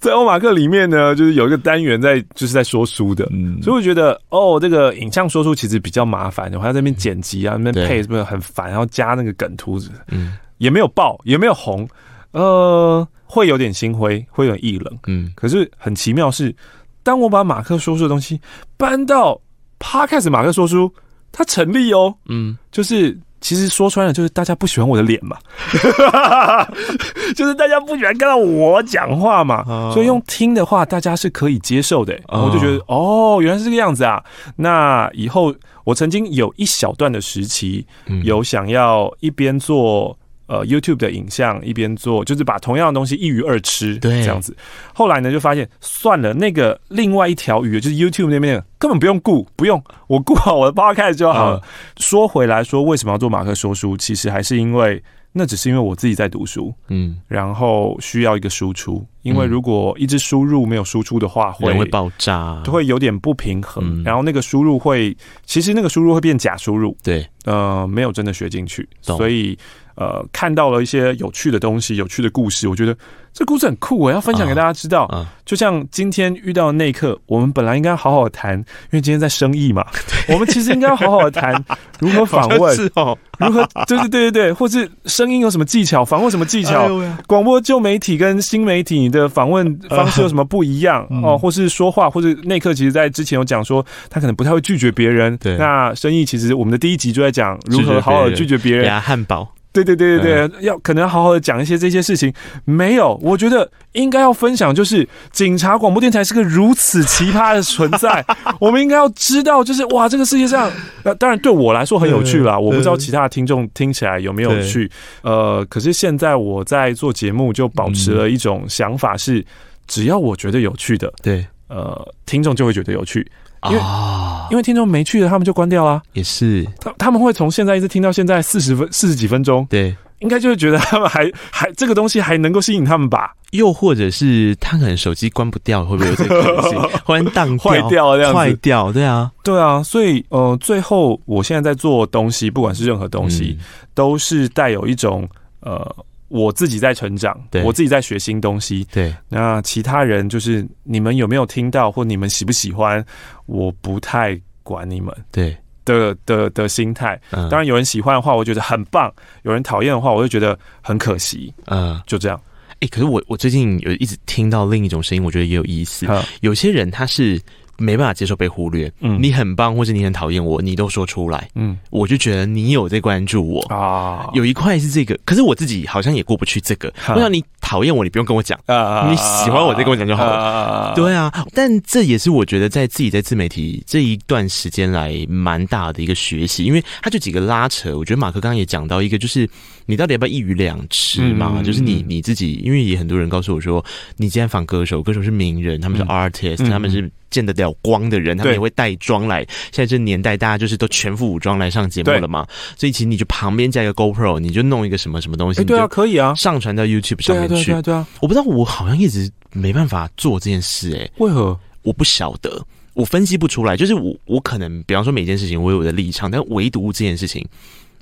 在歐馬克裡面呢，就是有一個單元在就是在說書的，嗯、所以我覺得哦，這個影像說書其實比較麻煩，我還要在那邊剪輯啊，那邊配是不是很煩，然後加那個梗圖子，嗯。也沒有爆，也沒有紅，呃，會有點心灰，會有點意冷，嗯，可是很奇妙是，當我把馬克說書的東西搬到 Podcast，馬克說書，它成立哦，嗯，就是其實說穿了，就是大家不喜歡我的臉嘛，嗯、 就是大家不喜歡看到我講話嘛，哦、所以用聽的話，大家是可以接受的、欸，哦、我就覺得哦，原來是這個樣子啊，那以後我曾經有一小段的時期，有想要一邊做。呃，YouTube 的影像一邊做，就是把同樣的東西一魚二吃，對這樣子。後來呢，就發現算了，那個另外一條魚就是 YouTube 那邊根本不用顧，不用我顧好我的 Podcast 就好了。嗯、說回來，說為什麼要做馬克說書，其實還是因為那只是因為我自己在讀書，嗯，然後需要一個輸出，因為如果一直輸入沒有輸出的話，會，會爆炸，會有點不平衡。嗯、然後那個輸入會，其實那個輸入會變假輸入，對，呃，沒有真的學進去，所以。呃，看到了一些有趣的東西，有趣的故事，我覺得這故事很酷，我要分享給大家知道。Uh, uh, 就像今天遇到內克，我們本來應該好好的談，因為今天在聲藝嘛，我們其實應該好好的談如何訪問，就是哦、如何，對、就、對、是、對對對，或是聲音有什麼技巧，訪問什麼技巧、哎，廣播舊媒體跟新媒體的訪問方式有什麼不一樣、呃、哦、嗯，或是說話，或者內克。其實，在之前有講說他可能不太會拒絕別人，那聲藝其實我們的第一集就在講如何好好的拒絕別人，漢堡。對對對對對、嗯，要可能好好的講一些這些事情。沒有，我覺得應該要分享，就是警察廣播電台是個如此奇葩的存在， 我們應該要知道，就是哇，這個世界上、啊，當然對我來說很有趣啦，我不知道其他的聽眾聽起來有沒有趣。呃，可是現在我在做節目，就保持了一種想法是、嗯，只要我覺得有趣的，對，呃，聽眾就會覺得有趣。因為、哦、因為聽眾沒趣了，他們就關掉了。也是，他他們會從現在一直聽到現在四十分四十幾分鐘。對，應該就會覺得他們還還這個東西還能夠吸引他們吧。又或者是他可能手機關不掉了，會不會有點關係？壞掉樣，壞掉，對啊，對啊。所以呃，最後我現在在做東西，不管是任何東西，嗯、都是帶有一種呃。我自己在成長，對我自己在學新東西。對，那其他人就是你們有沒有聽到或你們喜不喜歡？我不太管你們。對的的的心態。嗯，當然有人喜歡的話，我覺得很棒；有人討厭的話，我就覺得很可惜。嗯，嗯，就這樣。誒、欸，可是我我最近有一直聽到另一種聲音，我覺得也有意思。嗯，有些人他是。沒辦法接受被忽略，嗯，你很棒，或是你很討厭我，你都說出來，嗯，我就覺得你有在關注我啊、嗯，有一塊是這個，可是我自己好像也過不去這個。啊、我想你討厭我，你不用跟我講、啊，你喜歡我再跟我講就好了、啊，對啊，但這也是我覺得在自己在自媒體這一段時間來蠻大的一個學習，因為他就幾個拉扯，我覺得馬克剛剛也講到一個就是。你到底要不要一魚兩吃嘛？就是你你自己、嗯，因為也很多人告訴我說，你今天訪歌手，歌手是名人，他們是 artist，、嗯嗯、他們是見得了光的人，嗯、他們也會帶妝來。現在這年代，大家就是都全副武裝來上節目了嘛。所以其實你就旁邊加一個 GoPro，你就弄一個什麼什麼東西，對啊，可以啊，上傳到 YouTube 上面去。對啊，對啊，我不知道，我好像一直沒辦法做這件事、欸，哎，為何？我不曉得，我分析不出來。就是我，我可能，比方說每件事情，我有我的立場，但唯獨這件事情。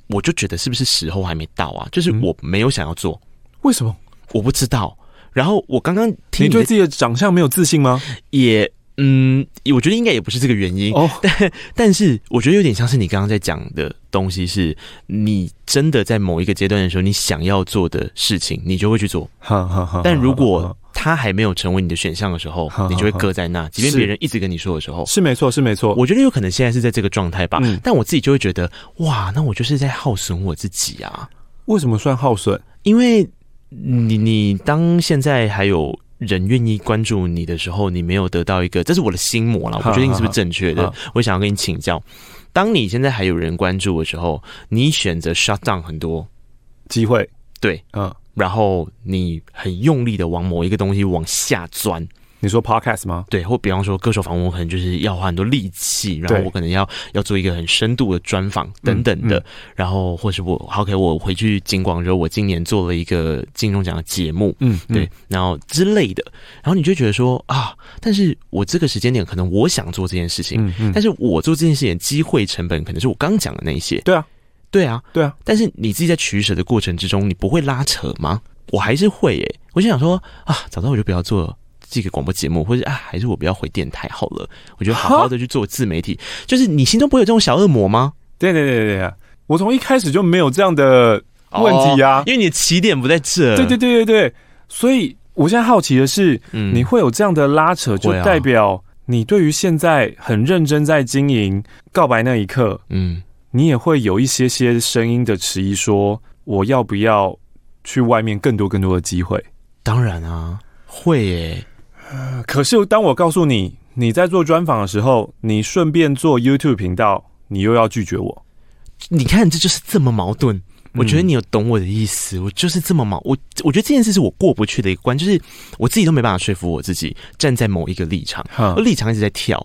我就覺得是不是時候還沒到啊？就是我沒有想要做，為什麼我不知道？然後我剛剛聽你，你對自己的長相沒有自信嗎？也。嗯，我覺得應該也不是這個原因，oh. 但但是我覺得有點像是你剛剛在講的東西，是你真的在某一個階段的時候，你想要做的事情，你就會去做。好，好，好。但如果他還沒有成為你的選項的時候，oh. 你就會擱在那，oh. 即便別人一直跟你說的時候，是沒錯，是沒錯。我覺得有可能現在是在這個狀態吧，但我自己就會覺得，哇，那我就是在耗損我自己啊？為什麼算耗損？因為你，你當現在還有。人願意關注你的時候，你沒有得到一個，這是我的心魔啦。我不確定是不是正確的，我想要跟你請教，當你現在還有人關注的時候，你選擇 shut down 很多機會，對，嗯，然後你很用力的往某一個東西往下鑽。你說 podcast 嗎？對，或比方說歌手訪問，我可能就是要花很多力氣，然後我可能要要做一個很深度的專訪等等的，嗯嗯、然後或是我 OK，我回去金廣州，我今年做了一個金鐘獎的節目，嗯，嗯，對，然後之類的，然後你就覺得說啊，但是我這個時間點可能我想做這件事情，嗯，嗯，但是我做這件事情的機會成本可能是我剛講的那一些，對啊，對啊，對啊，但是你自己在取捨的過程之中，你不會拉扯嗎？我還是會誒、欸，我就想說啊，早知道我就不要做了。這個廣播節目，或者啊，還是我不要回電台好了。我覺得好好的去做自媒體。就是你心中不會有這種小惡魔嗎？對對對對，我從一開始就沒有這樣的問題啊，哦、因為你的起點不在這。對對對對對，所以我現在好奇的是，嗯、你會有這樣的拉扯，就代表你對於現在很認真在經營告白那一刻，嗯，你也會有一些些聲音的遲疑，說我要不要去外面更多更多的機會？當然啊，會誒、欸。可是當我告訴你你在做專訪的時候，你順便做 YouTube 頻道，你又要拒絕我。你看，這就是這麼矛盾。我覺得你有懂我的意思，嗯、我就是這麼矛。我我覺得這件事是我過不去的一個關，就是我自己都沒辦法說服我自己，站在某一個立場，而立場一直在跳。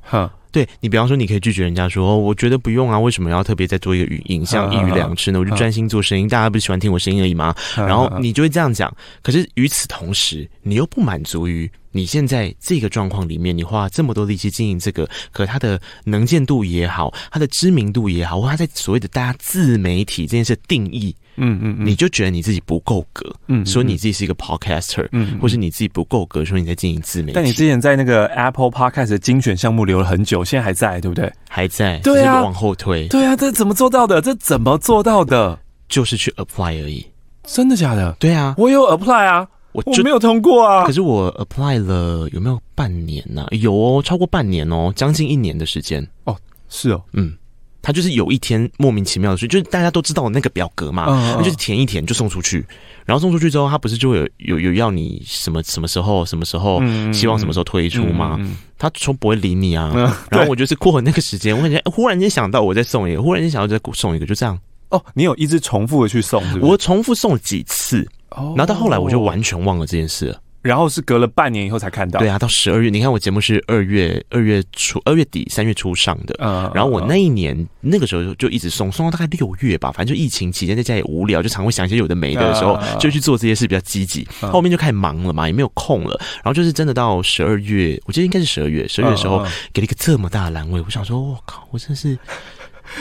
對你，比方說，你可以拒絕人家說，我覺得不用啊，為什麼要特別再做一個影像？像一魚兩吃呢？呵呵呵，我就專心做聲音，大家不是喜歡聽我聲音而已嗎呵呵？然後你就會這樣講。可是與此同時，你又不滿足於你現在這個狀況裡面，你花這麼多力氣經營這個，可它的能見度也好，它的知名度也好，或它在所謂的大家自媒體這件事的定義。嗯,嗯嗯，你就覺得你自己不夠格，嗯,嗯,嗯，說你自己是一個 podcaster，嗯,嗯,嗯，或是你自己不夠格，說你在進行自媒體。但你之前在那個 Apple Podcast 的精選項目留了很久，現在還在，對不對？還在，對啊，這一個往後推對啊。對啊，這怎麼做到的？這怎麼做到的？就是去 apply 而已。真的假的？對啊，我有 apply 啊，我就我沒有通過啊。可是我 apply 了，有沒有半年呢啊？有哦，超過半年哦，將近一年的時間哦，是哦，嗯。他就是有一天莫名其妙的去，所以就是大家都知道那個表格嘛，oh. 就是填一填就送出去，然後送出去之後，他不是就會有有有要你什麼什麼時候什麼時候、嗯、希望什麼時候推出嗎？嗯嗯嗯、他從不會理你啊。Uh, 然後我就是過了那個時間，我感覺忽然間想到我再送一個，忽然間想到我再送一個，就這樣哦，oh, 你有一直重複的去送是不是？我重複送幾次，然後到後來我就完全忘了這件事了。然後是隔了半年以後才看到。對啊，到十二月，你看我節目是二月二月初，二月底，三月初上的。嗯。然後我那一年，嗯、那個時候就就一直送，送到大概六月吧，反正就疫情期間在家也無聊，就常會想一些有的沒的的時候，嗯、就去做這些事比較積極，嗯。後面就開始忙了嘛，也沒有空了。然後就是真的到十二月，我覺得應該是十二月，十二月的時候給了一個這麼大的欄位，嗯，我想說，我，哦，靠，我真的是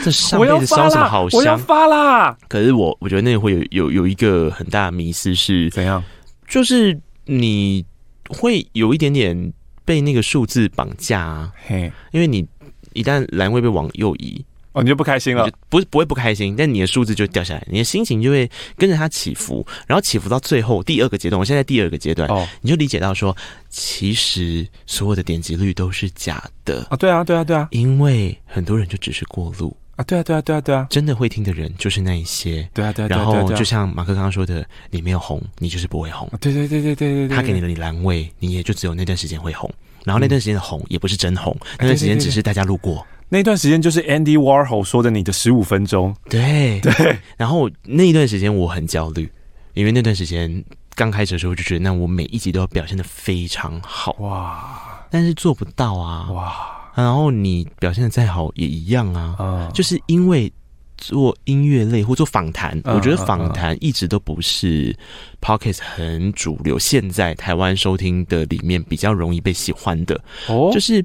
這上輩子燒什麼好香。我要發，發啦！可是我我覺得那會有有有一個很大的迷思是怎樣？就是。你會有一點點被那個數字綁架啊，嘿、hey.，因為你一旦欄位被往右移，哦、oh,，你就不開心了，不不會不開心，但你的數字就掉下來，你的心情就會跟着它起伏，然後起伏到最後第二個階段，我現在,在第二個階段，oh. 你就理解到說，其實所有的點擊率都是假的啊，oh, 對啊，對啊，對啊，因為很多人就只是過路。Ah, 啊，對啊，對啊，對啊，對啊！真的會聽的人就是那一些。對啊，對啊，對啊對啊然後就像馬克剛剛說的，你沒有紅，你就是不會紅。對對對對對對,對,對,對,對,對,對他給你了，你安慰，你也就只有那段時間會紅，然後那段時間的紅、嗯、也不是真紅，那段時間只是大家路過。對對對對對那段時間就是 Andy Warhol 說的你的十五分鐘。對對, 對。然後那一段時間我很焦慮，因為那段時間剛開始的時候，就覺得那我每一集都要表現得非常好哇，但是做不到啊哇。啊、然後你表現得再好也一樣啊，就是因為做音樂類或做訪談，uh, 我覺得訪談一直都不是 Podcast 很主流。現在台灣收聽的裡面比較容易被喜歡的，uh. 就是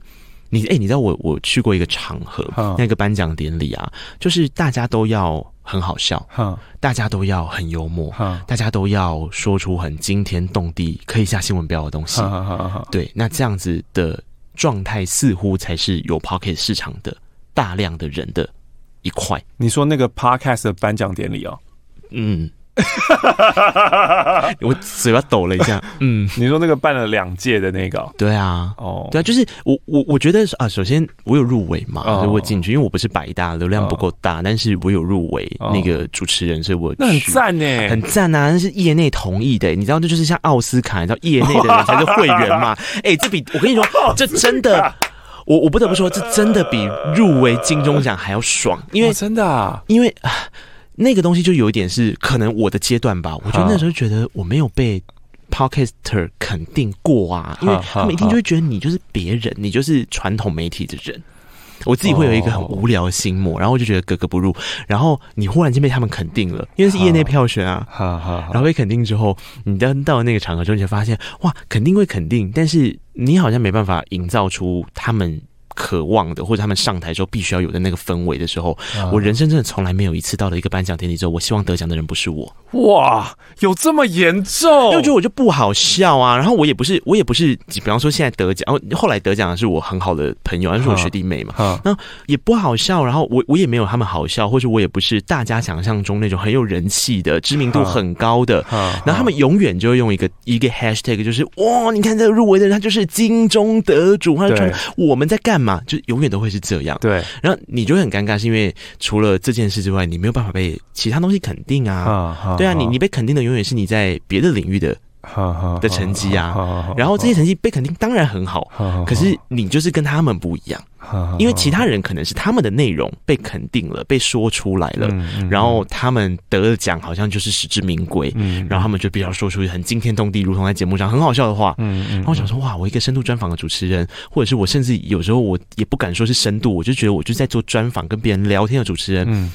你哎、欸，你知道我我去過一個場合，uh. 那個頒獎典禮啊，就是大家都要很好笑，uh. 大家都要很幽默，uh. 大家都要說出很驚天動地可以下新聞標的東西。Uh. 對，那這樣子的。狀態似乎才是有 podcast 市場的大量的人的一塊。你說那個 podcast 的頒獎典禮哦，嗯。 我嘴巴抖了一下。嗯，你說那個辦了兩屆的那個、哦？對啊，哦、oh.，對啊，就是我我我覺得啊，首先我有入圍嘛，所以進去，因為我不是百大，流量不夠大，oh. 但是我有入圍、oh. 那個主持人，所以我那很讚呢、啊，很讚啊！那是業內同意的、欸，你知道，那就是像奧斯卡，你知道，業內的人才是會員嘛。哎、oh. 欸，這比我跟你說，這真的，oh. 我我不得不說，這真的比入圍金鐘獎還要爽，因為真的、oh.，因為。那個東西就有一點是可能我的階段吧，我覺得那時候覺得我沒有被 podcaster 肯定過啊，因為他們一聽就會覺得你就是別人，你就是傳統媒體的人，我自己會有一個很無聊的心魔，然後我就覺得格格不入。然後你忽然間被他們肯定了，因為是業內票選啊，然後被肯定之後，你當到那個場合之後，你就發現哇，肯定會肯定，但是你好像沒辦法營造出他們渴望的，或者他們上台之後必須要有的那個氛圍的時候、嗯，我人生真的從來沒有一次到了一個頒獎典禮之後，我希望得獎的人不是我。哇，有這麼嚴重？因為我覺得我就不好笑啊。然後我也不是，我也不是，比方說現在得獎，後來得獎的是我很好的朋友，那是我學弟妹嘛。那、嗯嗯、也不好笑。然後我我也沒有他們好笑，或者我也不是大家想象中那種很有人氣的、知名度很高的。嗯嗯嗯、然後他們永遠就會用一個一個 hashtag，就是哇，你看這個入圍的人，他就是金鐘得主，他就覺得我們在幹嘛？啊，就永遠都會是這樣。對，然後你就會很尷尬，是因為除了這件事之外，你沒有辦法被其他東西肯定啊。對啊，你你被肯定的永遠是你在別的領域的。好好好的成績啊，好好好，然後這些成績被肯定，當然很好。好好好，可是你就是跟他們不一樣，好好好，因為其他人可能是他們的內容被肯定了，被說出來了，嗯嗯嗯，然後他們得了獎，好像就是實至名歸。嗯嗯，然後他們就比較說出很驚天動地，如同在節目上很好笑的話。然後我想說，哇，我一個深度專訪的主持人，或者是我甚至有時候我也不敢說是深度，我就覺得我就在做專訪，跟別人聊天的主持人。嗯嗯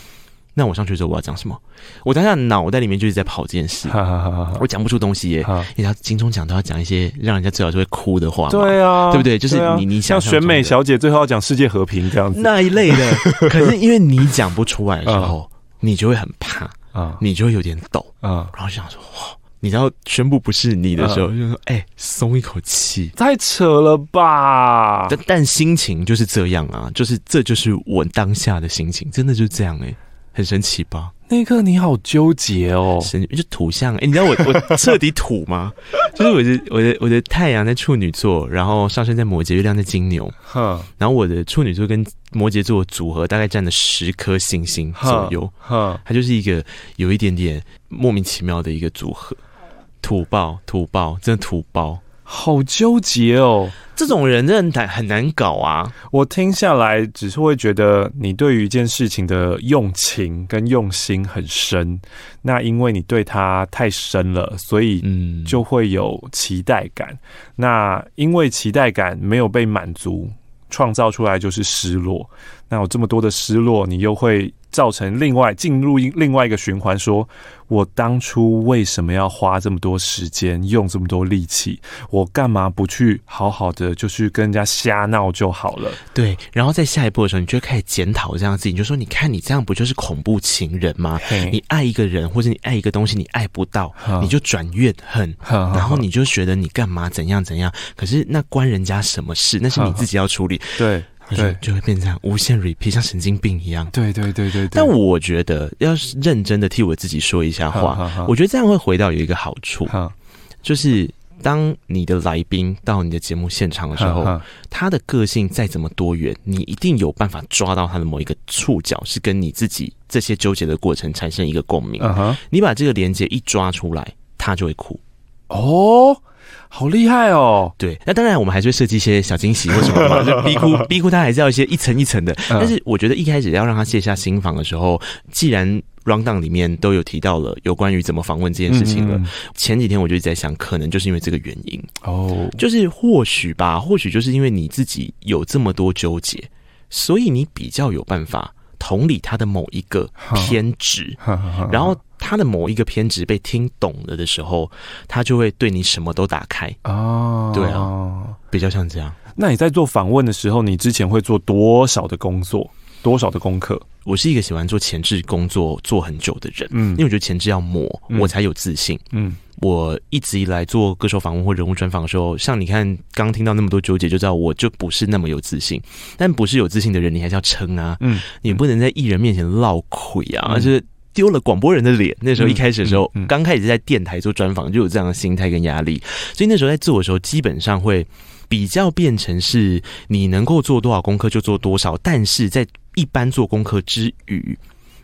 那我上去之後我要講什麼？我當下腦袋裡面就是在跑這件事，哈哈哈哈我講不出東西耶，你知道金鐘獎都要講一些讓人家最好是會哭的話，對啊，對不對？就是你、啊、你想像，像選美小姐最後要講世界和平這樣子那一類的。可是因為你講不出來的時候， 你就會很怕啊， 你就會有點抖啊。 然後想說，哇，你知道宣布不是你的時候， 就說哎，鬆一口氣，太扯了吧？但但心情就是這樣啊，就是這就是我當下的心情，真的就是這樣哎。很神奇吧？那個你好糾結哦，神就土象。哎、欸，你知道我我徹底土嗎？ 就是我的我的我的太陽在處女座，然後上升在摩羯，月亮在金牛。哼，然後我的處女座跟摩羯座組合，大概佔了十顆星星左右。哼，它就是一個有一點點莫名其妙的一個組合。土爆土爆，真的土爆。好糾結哦，這種人真的很難搞啊！我聽下來只是會覺得，你對於一件事情的用情跟用心很深，那因為你對他太深了，所以嗯，就會有期待感、嗯。那因為期待感沒有被滿足，創造出來就是失落。那有這麼多的失落，你又會。造成另外進入另外一個循環，說，我當初為什麼要花這麼多時間，用這麼多力氣？我幹嘛不去好好的，就去跟人家瞎鬧就好了？對。然後在下一步的時候，你就開始檢討這樣子，你就說：你看你這樣不就是恐怖情人嗎？你愛一個人或者你愛一個東西，你愛不到，你就轉怨恨呵呵，然後你就覺得你幹嘛怎樣怎樣？可是那關人家什麼事？那是你自己要處理。呵呵對。對，就會變成這樣無限 repeat，像神經病一樣。對對對對，對。但我覺得，要是認真的替我自己說一下話呵呵呵，我覺得這樣會回到有一個好處，呵呵就是當你的來賓到你的節目現場的時候呵呵，他的個性再怎麼多元，你一定有辦法抓到他的某一個觸角，是跟你自己這些糾結的過程產生一個共鳴。你把這個連接一抓出來，他就會哭。哦。好厲害哦！對，那當然，我們還是會設計一些小驚喜或什麼嘛。 就逼哭，逼哭，他還是要一些一層一層的。 但是，我覺得一開始要讓他卸下心防的時候，既然 rundown 裡面都有提到了有關於怎麼訪問這件事情了，嗯嗯，前幾天我就一直在想，可能就是因為這個原因哦，就是或許吧，或許就是因為你自己有這麼多糾結，所以你比較有辦法。同理，他的某一個偏執，然後他的某一個偏執被聽懂了的時候，他就會對你什麼都打開、哦、對啊，比較像這樣。那你在做訪問的時候，你之前會做多少的工作，多少的功課？我是一個喜歡做前置工作、做很久的人，嗯，因為我覺得前置要磨，我才有自信，嗯。嗯。我一直以來做歌手訪問或人物專訪的時候，像你看剛聽到那麼多糾結，就知道我就不是那麼有自信。但不是有自信的人，你還是要撐啊，嗯，你不能在藝人面前嘮虧啊、嗯，就是丟了廣播人的臉。那時候一開始的時候，剛、嗯嗯嗯、開始在電台做專訪，就有這樣的心態跟壓力，所以那時候在做的時候，基本上會比較變成是你能夠做多少功課就做多少，但是在一般做功課之餘。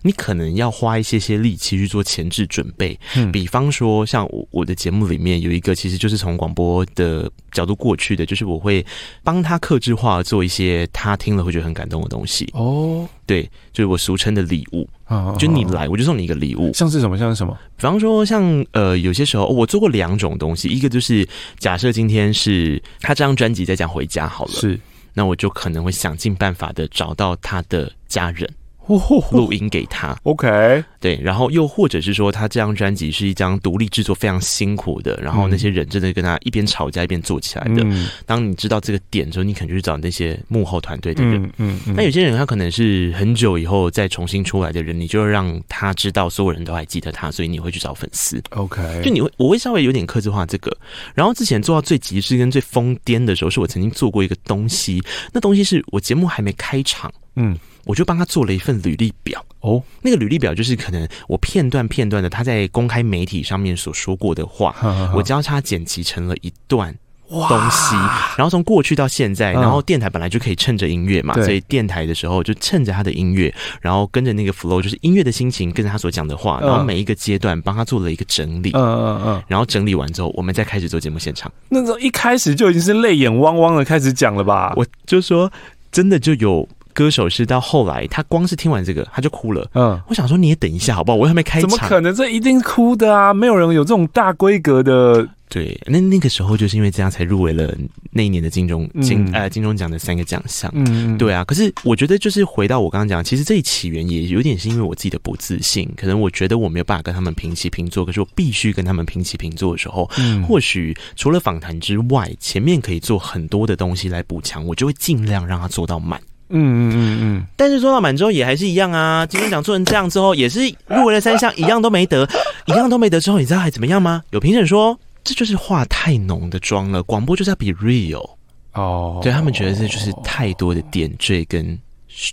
你可能要花一些些力氣去做前置準備，嗯、比方說像我我的節目裡面有一個，其實就是從廣播的角度過去的，就是我會幫他客製化做一些他聽了會覺得很感動的東西哦。對，就是我俗稱的禮物啊、哦哦，就你來我就送你一個禮物，像是什麼像是什麼？比方說像呃有些時候我做過兩種東西，一個就是假設今天是他這張專輯在講回家好了，是那我就可能會想盡辦法的找到他的家人，錄音給他，OK。對，然後又或者是說，他這張專輯是一張獨立製作非常辛苦的，然後那些人真的跟他一邊吵架，一邊做起來的、嗯。當你知道這個點之後，你肯定去找那些幕後團隊的人。嗯。那、嗯嗯、有些人他可能是很久以後再重新出來的人，你就會讓他知道所有人都還記得他，所以你會去找粉絲。OK。就你會我會稍微有點客製化這個。然後之前做到最極致跟最瘋癲的時候，是我曾經做過一個東西。那東西是我節目還沒開場，嗯。我就幫他做了一份履歷表哦，那個履歷表就是可能我片段片段的他在公開媒體上面所說過的話，嗯嗯嗯、我交叉剪輯成了一段東西，然後從過去到現在、嗯，然後電台本來就可以趁着音樂嘛，所以電台的時候就趁着他的音樂，然後跟着那個 flow，就是音樂的心情跟着他所講的話、嗯，然後每一個階段幫他做了一個整理，嗯嗯嗯，然後整理完之後，我們再開始做節目現場。那時候一開始就已經是淚眼汪汪的開始講了吧？我就說真的就有。歌手是到後來，他光是聽完這個，他就哭了。嗯，我想說你也等一下好不好？我還沒開場。怎麼可能？這一定哭的啊！沒有人有這種大規格的。對，那那個時候就是因為這樣才入圍了那一年的金鐘金、嗯、呃金鐘獎的三個獎項。嗯，對啊。可是我覺得就是回到我剛剛講，其實這一起源也有點是因為我自己的不自信。可能我覺得我沒有辦法跟他們平起平坐，可是我必須跟他們平起平坐的時候，或許除了訪談之外，前面可以做很多的東西來補強，我就會儘量讓他做到滿。嗯嗯嗯嗯，但是做到滿之後也還是一樣啊。今天講做成這樣之後，也是入圍了三項，一樣都沒得，一樣都沒得之後，你知道還怎麼樣嗎？有評審說這就是化太濃的妝了，廣播就是要 be real 哦、oh.，對他們覺得這就是太多的點綴跟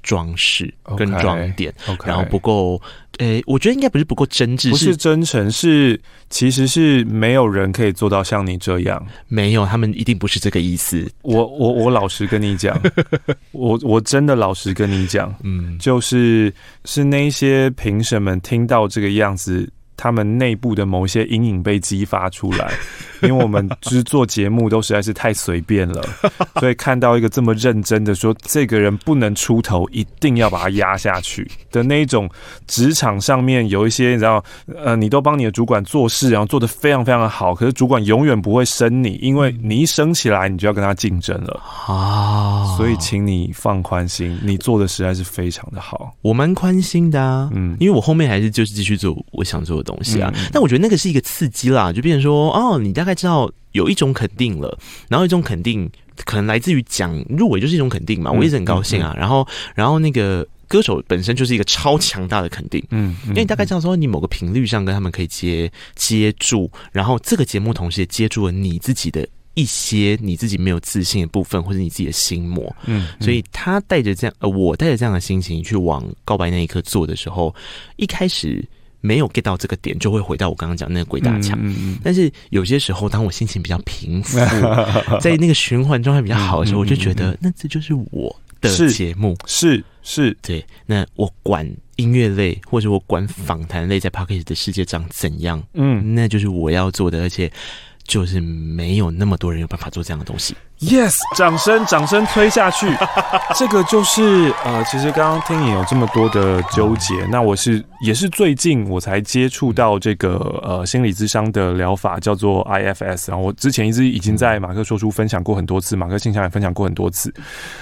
裝飾跟裝點，okay, okay, 然後不夠，欸，我覺得應該不是不夠真摯，不是真誠，是其實是沒有人可以做到像你這樣。沒有，他們一定不是這個意思。我我我老實跟你講， 我我真的老實跟你講，嗯， 就是是那些評審們聽到這個樣子，他們內部的某些陰影被激發出來。 因為我們製作節目都實在是太隨便了，所以看到一個這麼認真的說，這個人不能出頭，一定要把他壓下去的那一種，職場上面有一些，你知道，呃，你都幫你的主管做事，然後做得非常非常的好，可是主管永遠不會升你，因為你一升起來，你就要跟他競爭了啊、哦。所以請你放寬心，你做的實在是非常的好。我蠻寬心的、啊，嗯，因為我後面還是就是繼續做我想做的東西啊、嗯。但我覺得那個是一個刺激啦，就變成說，哦，你的。大概知道有一種肯定了，然後一種肯定可能來自於講入圍就是一種肯定嘛，我一直很高興啊、嗯嗯嗯。然後，然後那個歌手本身就是一個超強大的肯定，嗯，嗯因為你大概知道說，你某個頻率上跟他們可以接接住，然後這個節目同時也接住了你自己的一些你自己沒有自信的部分或者你自己的心魔嗯，嗯，所以他帶着這樣呃我帶着這樣的心情去往告白那一刻做的時候，一開始。沒有 get 到這個點，就會回到我剛剛講的那個鬼打牆、嗯。但是有些時候，當我心情比較平復、嗯，在那個循環狀態比較好的時候，嗯、我就覺得、嗯、那這就是我的節目，是是，是，對。那我管音樂類，或者我管訪談類，在 Podcast 的世界長怎樣，嗯，那就是我要做的，而且。就是沒有那麼多人有辦法做這樣的東西。Yes，掌聲，掌聲推下去。這個就是呃，其實剛剛聽你有這麼多的糾結、嗯，那我是也是最近我才接觸到這個呃心理諮商的療法，叫做 IFS。然後我之前一直已經在馬克說書分享過很多次，馬克信箱也分享過很多次，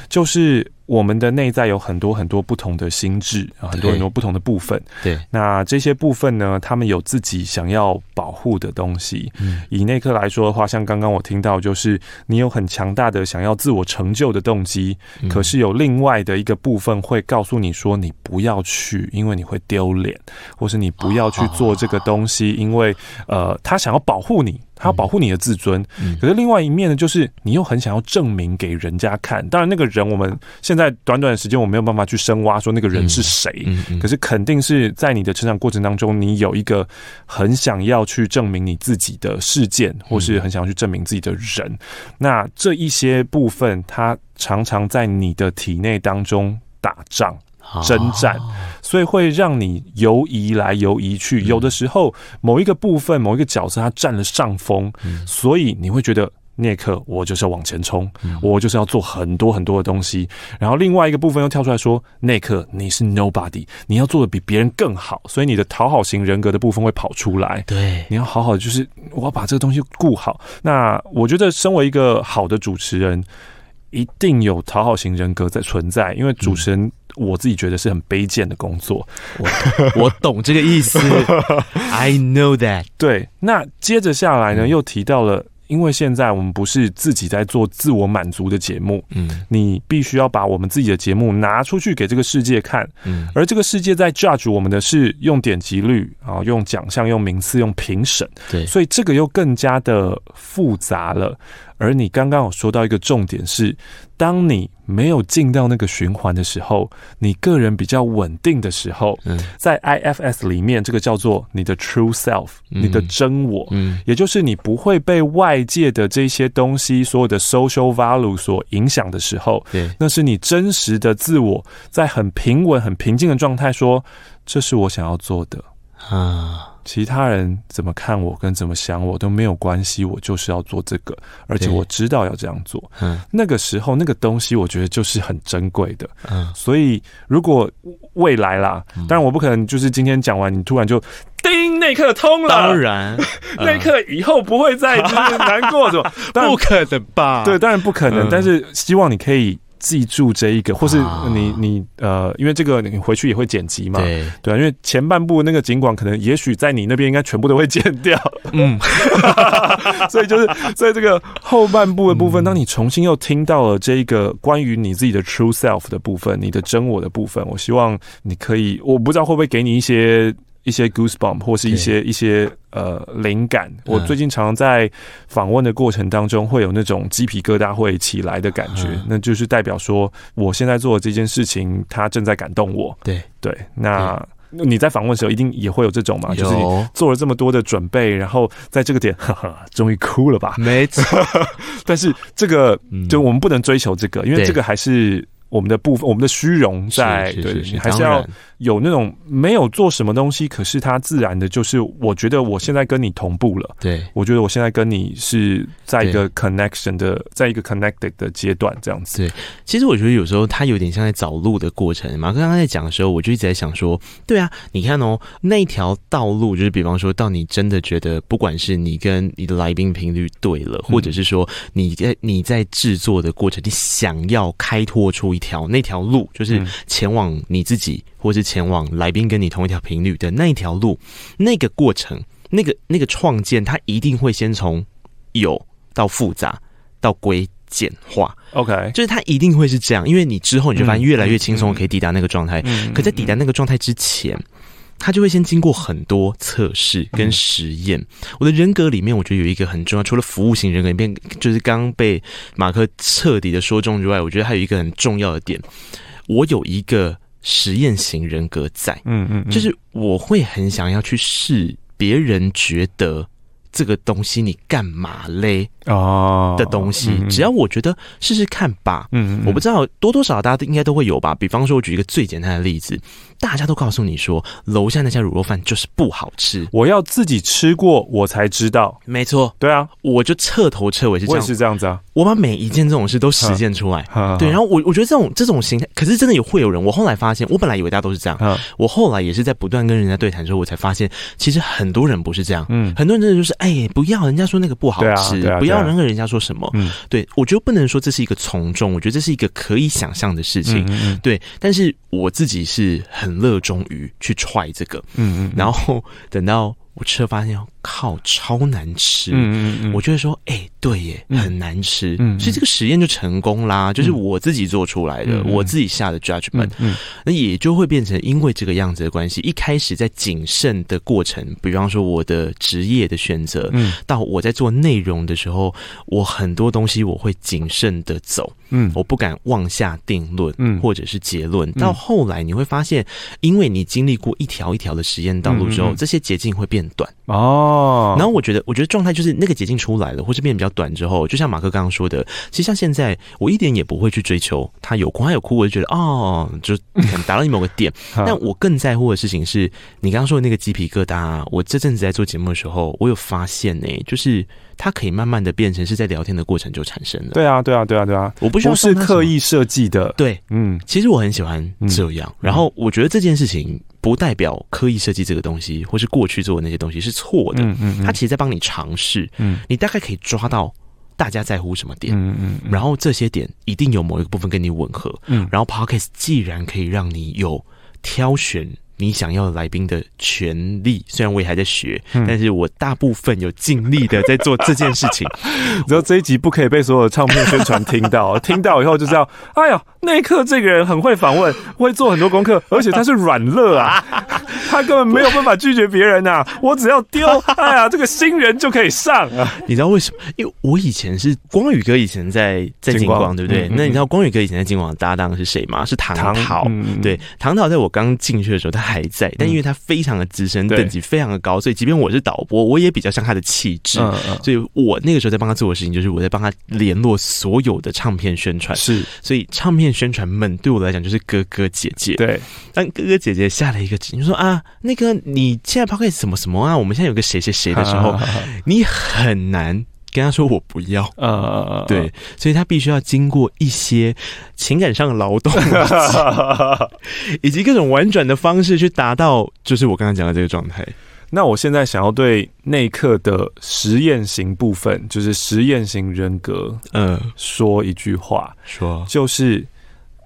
就是。我們的內在有很多很多不同的心智，很多很多不同的部分對。對，那這些部分呢，他們有自己想要保護的東西。嗯，以內克來說的話，像剛剛我聽到，就是你有很強大的想要自我成就的動機，嗯、可是有另外的一個部分會告訴你說，你不要去，因為你會丟臉，或是你不要去做這個東西，啊、因為呃，他想要保護你。他要保護你的自尊、嗯嗯，可是另外一面呢，就是你又很想要證明給人家看。當然，那個人我們現在短短的時間我們沒有辦法去深挖，說那個人是誰、嗯嗯嗯。可是肯定是在你的成長過程當中，你有一個很想要去證明你自己的事件，或是很想要去證明自己的人。嗯、那這一些部分，它常常在你的體內當中打仗。征戰，所以會讓你遊移來遊移去。有的時候，某一個部分、某一個角色它佔了上風，嗯、所以你會覺得那一刻我就是要往前衝，嗯、我就是要做很多很多的東西。然後另外一個部分又跳出來說，那一刻你是 nobody，你要做的比別人更好，所以你的討好型人格的部分會跑出來。對，你要好好的就是我要把這個東西顧好。那我覺得，身為一個好的主持人，一定有討好型人格在存在，因為主持人，我自己覺得是很卑賤的工作，我，我懂這個意思 ，I know that。對，那接着下來呢，又提到了、嗯，因為現在我們不是自己在做自我滿足的節目，嗯，你必須要把我們自己的節目拿出去給這個世界看，嗯，而這個世界在 judge 我們的是用點擊率啊，用獎項，用名次，用評審，對，所以這個又更加的複雜了。而你剛剛有說到一個重點是，當你沒有進到那個循環的時候，你個人比較穩定的時候，在 IFS 裡面，這個叫做你的 True Self，嗯，你的真我，嗯，也就是你不會被外界的這些東西所有的 Social Value 所影響的時候，對，那是你真實的自我，在很平穩、很平靜的狀態，說這是我想要做的啊。其他人怎麼看我跟怎麼想我都沒有關係，我就是要做這個，而且我知道要這樣做。嗯，那個時候那個東西我覺得就是很珍貴的。嗯，所以如果未來啦，嗯、當然我不可能就是今天講完你突然就，叮，那一刻通了，當然，嗯、 那一刻以後不會再就是難過，怎麼？不可能吧？對，當然不可能，嗯、但是希望你可以。記住這一個，或是你你呃，因為這個你回去也會剪輯嘛，對，對啊，因為前半部那個儘管可能也許在你那邊應該全部都會剪掉，嗯， 所以就是所以這個後半部的部分，當你重新又聽到了這一個關於你自己的 true self 的部分，你的真我的部分，我希望你可以，我不知道會不會給你一些。一些 goosebump 或是一些一些呃靈感，我最近常常在訪問的過程當中，會有那種雞皮疙瘩會起來的感覺，那就是代表說，我現在做的這件事情，他正在感動我。對對，那你在訪問的時候，一定也會有這種嘛，就是你做了這麼多的準備，然後在這個點，哈哈，終於哭了吧？沒錯， 但是這個，就我們不能追求這個，因為這個還是。我們的部分，我們的虛榮在，對，你還是要有那種沒有做什麼東西，可是它自然的，就是我覺得我現在跟你同步了，對，我覺得我現在跟你是在一個 connection 的，在一個 connected 的階段，這樣子。對，其實我覺得有時候他有點像在找路的過程。馬克剛剛在講的時候，我就一直在想說，對啊，你看哦、喔，那條道路就是，比方說到你真的覺得，不管是你跟你的來賓頻率對了，或者是說你在你在制作的過程，你想要開拓出一條，條那條路就是前往你自己，或是前往來賓跟你同一條頻率的那一條路，那個過程，那個那個創建，它一定會先從有到複雜到歸簡化。OK，就是它一定會是這樣，因為你之後你就發現越來越輕鬆可以抵達那個狀態、嗯嗯嗯嗯嗯。可在抵達那個狀態之前。他就會先經過很多測試跟實驗。我的人格裡面，我覺得有一個很重要，除了服務型人格裡面，就是剛剛被馬克徹底的說中之外，我覺得還有一個很重要的點，我有一個實驗型人格在。嗯嗯，就是我會很想要去試，別人覺得。這個東西你幹嘛嘞？哦，的東西，只要我覺得試試看吧。嗯，嗯，嗯，我不知道多多少，大家都應該都會有吧。比方說，我舉一個最簡單的例子，大家都告訴你說樓下那家滷肉飯就是不好吃，我要自己吃過我才知道。沒錯，對啊，我就徹頭徹尾是這樣，我也是這樣子啊。我把每一件這種事都實踐出來呵呵呵，對，然後我我覺得這種這種形態，可是真的也會有人。我後來發現，我本來以為大家都是這樣，我後來也是在不斷跟人家對談之後，我才發現其實很多人不是這樣，嗯，很多人真的就是哎、欸、不要，人家說那個不好吃，啊啊啊、不要人跟人家說什麼，嗯，對，我覺得不能說這是一個從眾，我覺得這是一個可以想象的事情，嗯嗯嗯，對，但是我自己是很熱衷於去踹這個，嗯嗯、嗯，然後等到我吃了發現哦。靠，超難吃。嗯嗯我覺得說，哎、欸，對耶，嗯、很難吃嗯。嗯，所以這個實驗就成功啦。就是我自己做出來的，嗯、我自己下的 judgment 嗯。嗯，那也就會變成因為這個樣子的關係，一開始在謹慎的過程，比方說我的職業的選擇、嗯，到我在做內容的時候，我很多東西我會謹慎的走。嗯，我不敢妄下定論。嗯，或者是結論、嗯。到後來你會發現，因為你經歷過一條一條的實驗道路之後，嗯、這些捷徑會變短。哦。哦，然後我覺得，我覺得狀態就是那個捷徑出來了，或是變得比較短之後，就像馬克剛剛說的，其實像現在，我一點也不會去追求他有，他有哭，他有哭，我就覺得哦，就可能達到你某個點。 但我更在乎的事情是，你剛剛說的那個雞皮疙瘩，我這陣子在做節目的時候，我有發現呢、欸，就是它可以慢慢的變成是在聊天的過程就產生了。對啊，對啊，對啊，對啊，對啊，我不，不是刻意設計的。對，嗯，其實我很喜歡這樣。嗯、然後我覺得這件事情，不代表刻意設計這個東西，或是過去做的那些東西是錯的。嗯，他、嗯嗯、他其實在幫你嘗試。嗯，你大概可以抓到大家在乎什麼點。嗯，嗯，嗯，然後這些點一定有某一個部分跟你吻合。嗯，然後 Podcast 既然可以讓你有挑選。你想要來賓的權利，雖然我也還在學，嗯、但是我大部分有盡力的在做這件事情。然 後這一集不可以被所有的唱片宣傳聽到， 聽到以後就知道，哎呦，那一刻這個人很會訪問， 會做很多功課，而且他是軟肋啊， 他根本沒有辦法拒絕別人吶、啊。我只要丟， 哎呀，這個新人就可以上啊，啊。你知道為什麼？因為我以前是光宇哥，以前在在金光，金光，對不對？嗯嗯嗯，那你知道光宇哥以前在金光的搭檔是誰嗎？是唐陶、嗯，對，唐陶在我剛進去的時候，他。還在，但因為他非常的資深、嗯，等級非常的高，所以即便我是導播，我也比較像他的氣質、嗯嗯。所以，我那個時候在幫他做的事情，就是我在幫他聯絡所有的唱片宣傳。是，所以唱片宣傳們對我來講就是哥哥姐姐。對，但哥哥姐姐下了一個指令，就說：“啊，那個你現在拋開什麼什麼啊，我們現在有個誰誰誰的時候，啊、好好你很難。”跟他說我不要啊、嗯，對，所以他必須要經過一些情感上的勞動， 以及各種婉轉的方式去達到，就是我剛才講的這個狀態。那我現在想要對內克的實驗型部分，就是實驗型人格，嗯，說一句話，說就是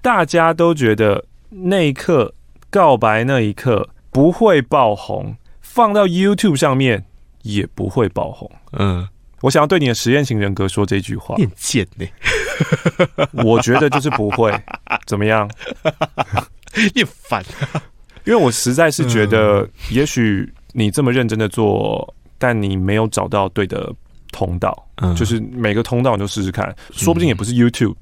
大家都覺得那一刻告白那一刻不會爆紅，放到 YouTube 上面也不會爆紅，嗯。我想要對你的實驗型人格說這句話。賤我覺得就是不會怎麼樣，變煩。因為我實在是覺得，也許你這麼認真的做，但你沒有找到對的通道，就是每個通道你都試試看，說不定也不是 YouTube，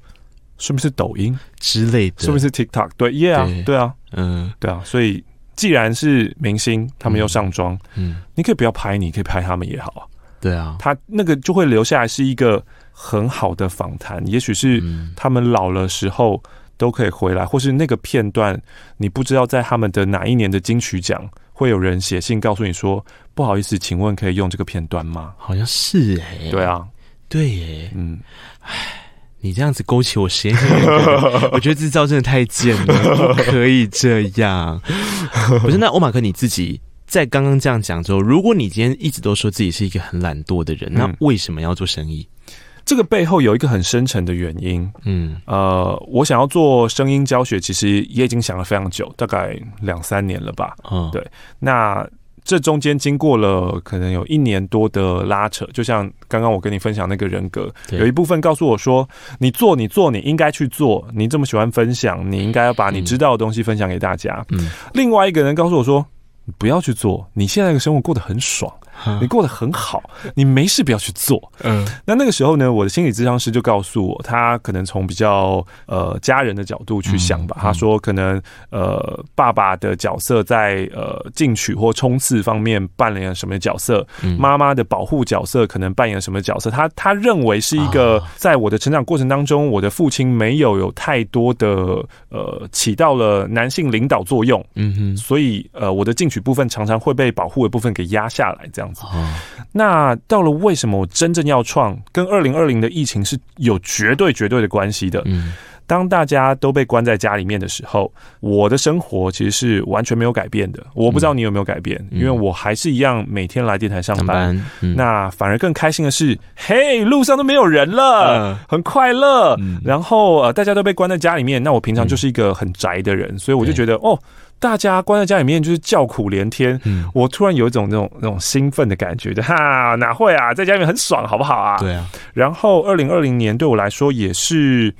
是不是抖音之類的，是不是 TikTok。對，Yeah，對啊，嗯，對啊。啊啊、所以，既然是明星，他們要上妝，嗯，你可以不要拍，你可以拍他們也好啊。對啊，他那個就會留下來，是一個很好的訪談。也許是他們老了時候都可以回來，嗯，或是那個片段，你不知道在他們的哪一年的金曲獎，會有人寫信告訴你說，不好意思，請問可以用這個片段嗎？好像是哎，欸，對啊，對耶，欸，嗯，哎，你這樣子勾起我心， 我覺得自招真的太賤了，可以這樣？不是，那歐馬克你自己。在剛剛這樣講之後，如果你今天一直都說自己是一個很懶惰的人，嗯、那為什麼要做生意？這個背後有一個很深層的原因。嗯，呃，我想要做聲音教學，其實也已經想了非常久，大概兩三年了吧。嗯、哦，對。那這中間經過了可能有一年多的拉扯，就像剛剛我跟你分享那個人格，有一部分告訴我說：“你做，你做，你應該去做。你這麼喜歡分享，你應該要把你知道的東西分享給大家。”嗯，另外一個人告訴我說。不要去做，你現在的生活過得很爽。你過得很好，你沒事不要去做。嗯，那那個時候呢，我的心理諮商師就告訴我，他可能從比較呃家人的角度去想吧。嗯嗯，他說，可能呃爸爸的角色在呃進取或衝刺方面扮演了什麼角色，嗯嗯，媽媽的保護角色可能扮演了什麼角色。他他認為是一個在我的成長過程當中，啊、我的父親沒有有太多的呃起到了男性領導作用。嗯哼，所以呃我的進取部分常常會被保護的部分給壓下來，這樣。哦、那到了為什麼我真正要創，跟二零二零的疫情是有絕對絕對的關係的。當大家都被關在家裡面的時候，我的生活其實是完全沒有改變的。我不知道你有沒有改變，因為我還是一樣每天來電台上班。那反而更開心的是，嘿，路上都沒有人了，很快樂。然後、呃、大家都被關在家裡面，那我平常就是一個很宅的人，所以我就覺得哦。大家關在家裡面就是叫苦連天。嗯、我突然有一種那種那種興奮的感覺，就、啊、哈哪會啊，在家裡面很爽，好不好啊？對啊。然後，二零二零年對我來說也是，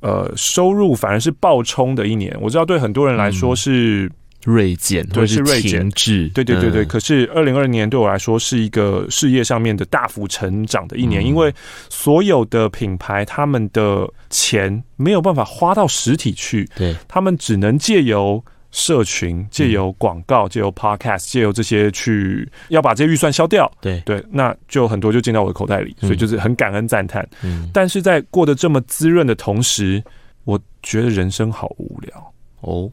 呃，收入反而是暴衝的一年。我知道對很多人來說是銳、嗯、減，對是銳減是。對對對對。嗯、可是，二零二零年對我來說是一個事業上面的大幅成長的一年、嗯，因為所有的品牌他們的錢沒有辦法花到實體去，對他們只能借由。社群借由廣告，借、嗯、由 Podcast，借由這些去要把這些預算消掉。對對，那就很多就進到我的口袋裡、嗯，所以就是很感恩讚嘆。嗯，但是在過得這麼滋潤的同時，我覺得人生好無聊哦，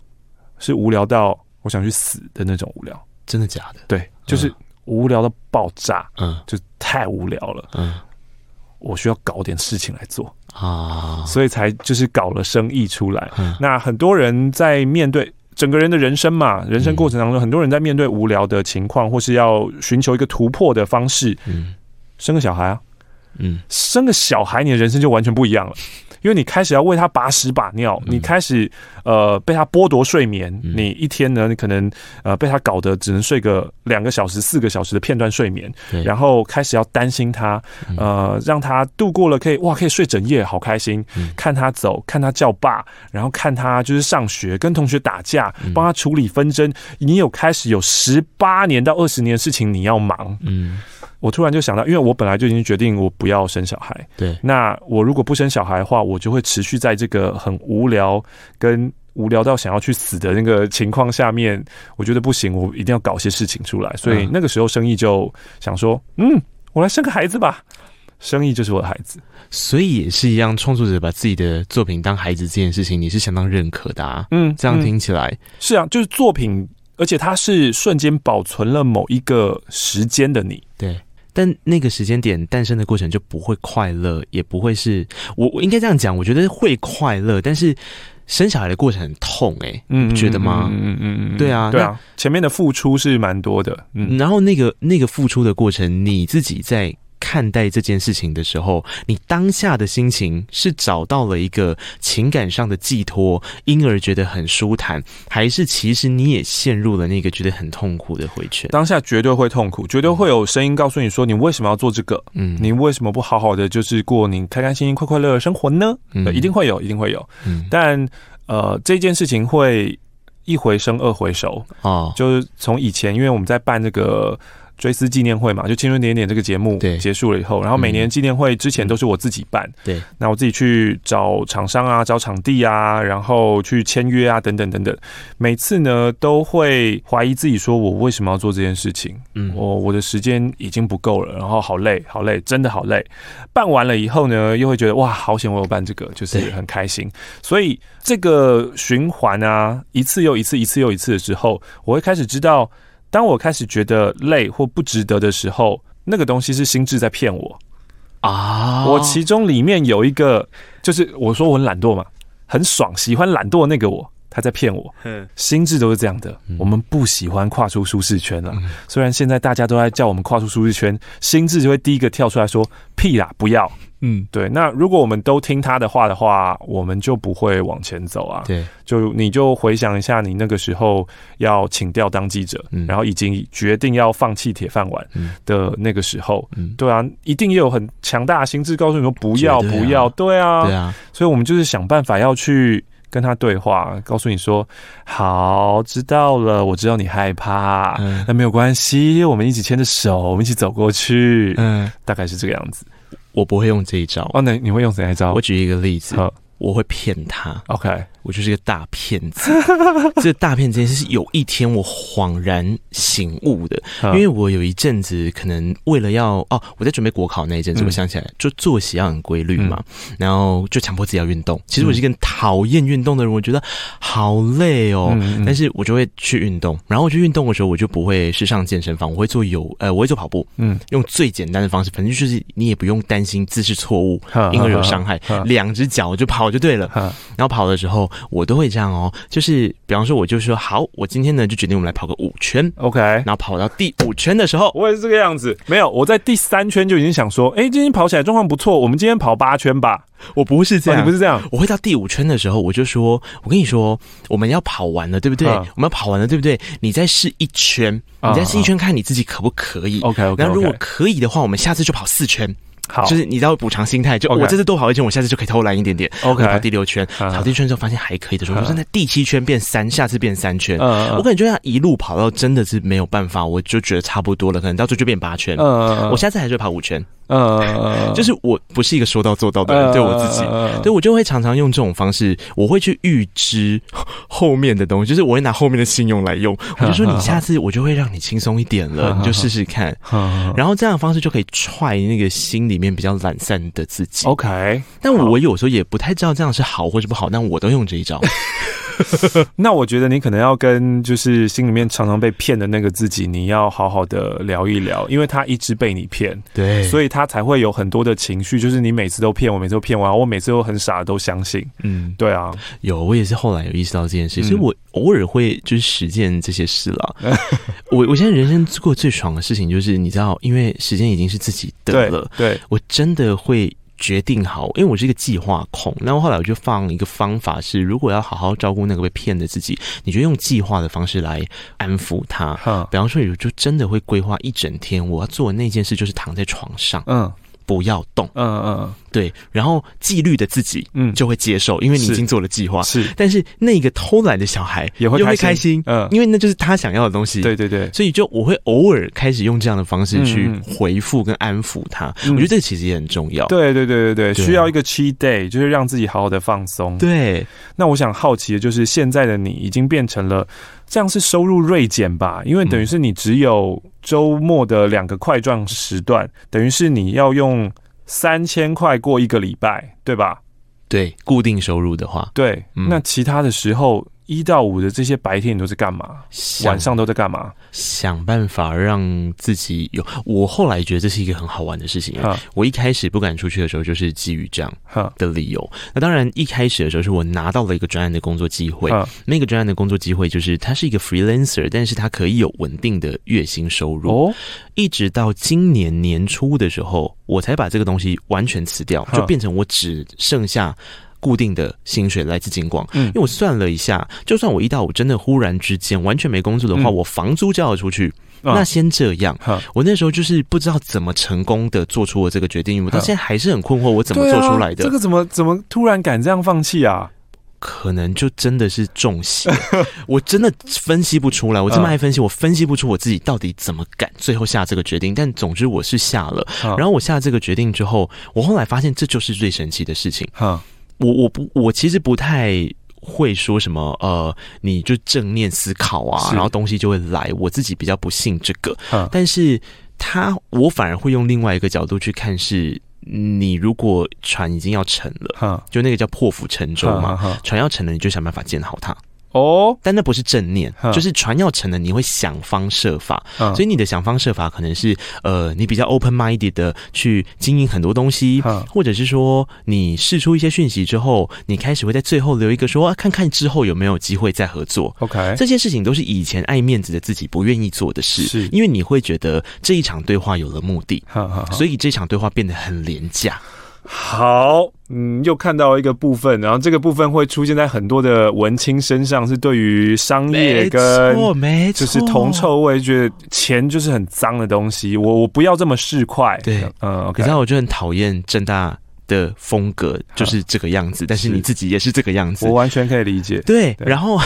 是無聊到我想去死的那種無聊。真的假的？對，就是無聊到爆炸。嗯，就太無聊了。嗯，我需要搞點事情來做啊，所以才就是搞了生意出來。嗯、那很多人在面對整個人的人生嘛，人生過程當中，很多人在面對無聊的情況，或是要尋求一個突破的方式，生個小孩啊，生個小孩，你的人生就完全不一樣了。因為你開始要為他把屎把尿，你開始呃被他剝奪睡眠、嗯，你一天呢，你可能呃被他搞得只能睡個兩個小時、四個小時的片段睡眠，然後開始要擔心他，嗯、呃讓他度過了可以哇可以睡整夜，好開心、嗯，看他走，看他叫爸，然後看他就是上學跟同學打架、嗯，幫他處理紛爭，你有開始有十八年到二十年的事情你要忙，嗯。我突然就想到，因為我本來就已經決定我不要生小孩。對。那我如果不生小孩的話，我就會持續在這個很無聊、跟無聊到想要去死的那個情況下面。我覺得不行，我一定要搞些事情出來。所以那個時候，聲藝就想說嗯：“嗯，我來生個孩子吧。”聲藝就是我的孩子。所以也是一樣，創作者把自己的作品當孩子這件事情，你是相當認可的啊。嗯，這樣聽起來、嗯、是啊，就是作品，而且它是瞬間保存了某一個時間的你。對。但那個時間點誕生的過程就不會快樂，也不會是我，我應該這樣講，我覺得會快樂，但是生小孩的過程很痛哎、欸，嗯，覺得嗎？嗯嗯嗯，嗯對啊對啊那，前面的付出是蠻多的，嗯，然後那個那個付出的過程，你自己在。看待這件事情的時候，你當下的心情是找到了一個情感上的寄託，因而覺得很舒坦，還是其實你也陷入了那個覺得很痛苦的回圈？當下絕對會痛苦，絕對會有聲音告訴你說：“你為什麼要做這個？嗯，你為什麼不好好的就是過你開開心心、快快樂樂生活呢？”嗯，一定會有，一定會有。嗯，但呃，這件事情會一回生二回熟啊、哦，就是從以前，因為我們在辦這個。追思紀念會嘛，就《青春點點名》這個節目結束了以後，然後每年紀念會之前都是我自己辦。對，那我自己去找廠商啊，找場地啊，然後去簽約啊，等等等等。每次呢，都會懷疑自己，說我為什麼要做這件事情？嗯，我我的時間已經不夠了，然後好累，好累，真的好累。辦完了以後呢，又會覺得哇，好險我有辦這個，就是很開心。所以這個循環啊，一次又一次，一次又一次的時候，我會開始知道。當我開始覺得累或不值得的時候，那個東西是心智在騙我。啊，我其中裡面有一個，就是我說我很懶惰嘛，很爽，喜歡懶惰的那個我。他在騙我，心智都是這樣的。嗯、我們不喜歡跨出舒適圈了，啊，嗯，雖然現在大家都在叫我們跨出舒適圈，心智就會第一個跳出來說：“屁啦，不要。”嗯，對。那如果我們都聽他的話的話，我們就不會往前走啊。對，就你就回想一下，你那個時候要請調當記者，嗯，然後已經決定要放棄鐵飯碗的那個時候，嗯，對啊，一定也有很強大的心智告訴你說：“不要，不要。對啊對啊”對啊，對啊。所以我們就是想辦法要去。跟他對話，告訴你說：“好，知道了，我知道你害怕，那、嗯、沒有關係，我們一起牽着手，我們一起走過去。”嗯，大概是這個樣子。我不會用這一招。哦，那你會用哪一招？我舉一個例子，好，我會騙他。OK。我就是個大騙子，這個大騙子是有一天我恍然醒悟的，因為我有一陣子可能為了要哦，我在準備國考那一陣子，我想起來，就作息要很規律嘛，嗯，然後就強迫自己要運動。其實我是一個討厭運動的人，我覺得好累哦，嗯，但是我就會去運動。然後我去運動的時候，我就不會是上健身房，我會做有呃，我會做跑步，嗯，用最簡單的方式，反正就是你也不用擔心姿勢錯誤，因為有傷害，兩隻腳就跑就對了。然後跑的時候。我都會這樣哦、喔，就是比方說，我就說好，我今天呢就決定我們來跑個五圈，OK，然後跑到第五圈的時候，我也是這個樣子，沒有，我在第三圈就已經想說，哎、欸，今天跑起來狀況不錯，我們今天跑八圈吧。我不是這樣，哦、你不是這樣，我會到第五圈的時候我，我就說，我跟你說，我們要跑完了，對不對？嗯、我們要跑完了，對不對？你再試一圈，嗯、你再試一圈，看你自己可不可以，OK，OK、嗯。然後如果可以的話，我們下次就跑四圈。就是你知道補償心態，就我這次多跑一圈，okay. 我下次就可以偷懶一點點。OK，我跑第六圈，uh -huh. 跑第六圈之後發現還可以的時候，就在那第七圈變三，uh -huh. 下次變三圈。Uh -huh. 我感覺就這樣一路跑到真的是沒有辦法，我就覺得差不多了，可能到最後就變八圈。Uh -huh. 我下次還是會跑五圈。呃、uh, uh, uh, 就是我不是一個說到做到的人，對我自己，uh, uh, uh, uh, uh, 對我就會常常用這種方式，我會去預知後面的東西，就是我會拿後面的信用來用， 我就說，你下次我就會讓你輕鬆一點了， 你就試試看， 然後這樣的方式就可以踹那個心裡面比較懶散的自己。OK，但我有時候也不太知道這樣是好或是不好， 但我都用這一招。 那我覺得你可能要跟就是心裡面常常被騙的那個自己，你要好好的聊一聊， 因為他一直被你騙，對，所以他。他才會有很多的情緒，就是你每次都騙我，每次都騙我啊，我每次都很傻，都相信。嗯，對啊，有，我也是後來有意識到這件事，嗯、所以我偶爾會就是實踐這些事了。 我我現在人生做過最爽的事情，就是你知道，因為時間已經是自己的了，對，對我真的會。決定好，因為我是一個計劃控。那我後來我就放一個方法是，如果要好好照顧那個被騙的自己，你就用計劃的方式來安撫他，比方說，你就真的會規劃一整天，我要做的那件事就是躺在床上。不要動，嗯嗯，對，然後紀律的自己，嗯，就會接受、嗯，因為你已經做了計劃，是。但是那個偷懶的小孩也會開，會開心，嗯，因為那就是他想要的東西，對對對。所以就我會偶爾開始用這樣的方式去回復跟安撫他、嗯，我覺得這個其實也很重要，嗯、對對對對對，對需要一個 cheat day，就是讓自己好好的放鬆。對，那我想好奇的就是，現在的你已經變成了。這樣是收入銳減吧？因為等於是你只有周末的兩個塊狀時段，嗯、等於是你要用三千塊過一個禮拜，對吧？對，固定收入的話，對，嗯、那其他的時候。一到五的這些白天你都在幹嘛？晚上都在幹嘛？想，想辦法讓自己有。我後來覺得這是一個很好玩的事情啊。我一開始不敢出去的時候，就是基於這樣的理由。那當然，一開始的時候是我拿到了一個專案的工作機會，那個專案的工作機會就是它是一個 freelancer，但是它可以有穩定的月薪收入。一直到今年年初的時候，我才把這個東西完全辭掉，就變成我只剩下。固定的薪水來自警廣，嗯，因為我算了一下，就算我一到五真的忽然之間完全沒工作的話，嗯、我房租交得出去、嗯，那先這樣、嗯。我那時候就是不知道怎麼成功的做出我這個決定，我、嗯、到現在還是很困惑，我怎麼做出來的？嗯啊、這個怎麼怎麼突然敢這樣放棄啊？可能就真的是中邪， 我真的分析不出來。我這麼愛分析，我分析不出我自己到底怎麼敢最後下這個決定。但總之我是下了，嗯、然後我下這個決定之後，我後來發現這就是最神奇的事情。哈、嗯。我我不我其實不太會說什麼，呃，你就正面思考啊，然後東西就會來。我自己比較不信這個，是但是他我反而會用另外一個角度去看是，是你如果船已經要沉了，就那個叫破釜沉舟嘛哈、啊哈，船要沉了，你就想辦法建好它。哦、oh? 但那不是正念，huh. 就是船要沉了，你會想方設法。Huh. 所以你的想方設法可能是，呃，你比較 open minded 的去經營很多東西，huh. 或者是說你釋出一些訊息之後，你開始會在最後留一個說，看看之後有沒有機會再合作。OK，這些事情都是以前愛面子的自己不願意做的事，是因為你會覺得這一場對話有了目的，huh. 所以這場對話變得很廉價。Huh. 好。嗯，又看到一個部分，然後這個部分會出現在很多的文青身上，是對於商業跟就是銅臭味，覺得錢就是很髒的東西，我我不要這麼市儈。對，呃、嗯 okay，可是我就很討厭政大。的風格就是這個樣子，但是你自己也是這個樣子，我完全可以理解。對，對然後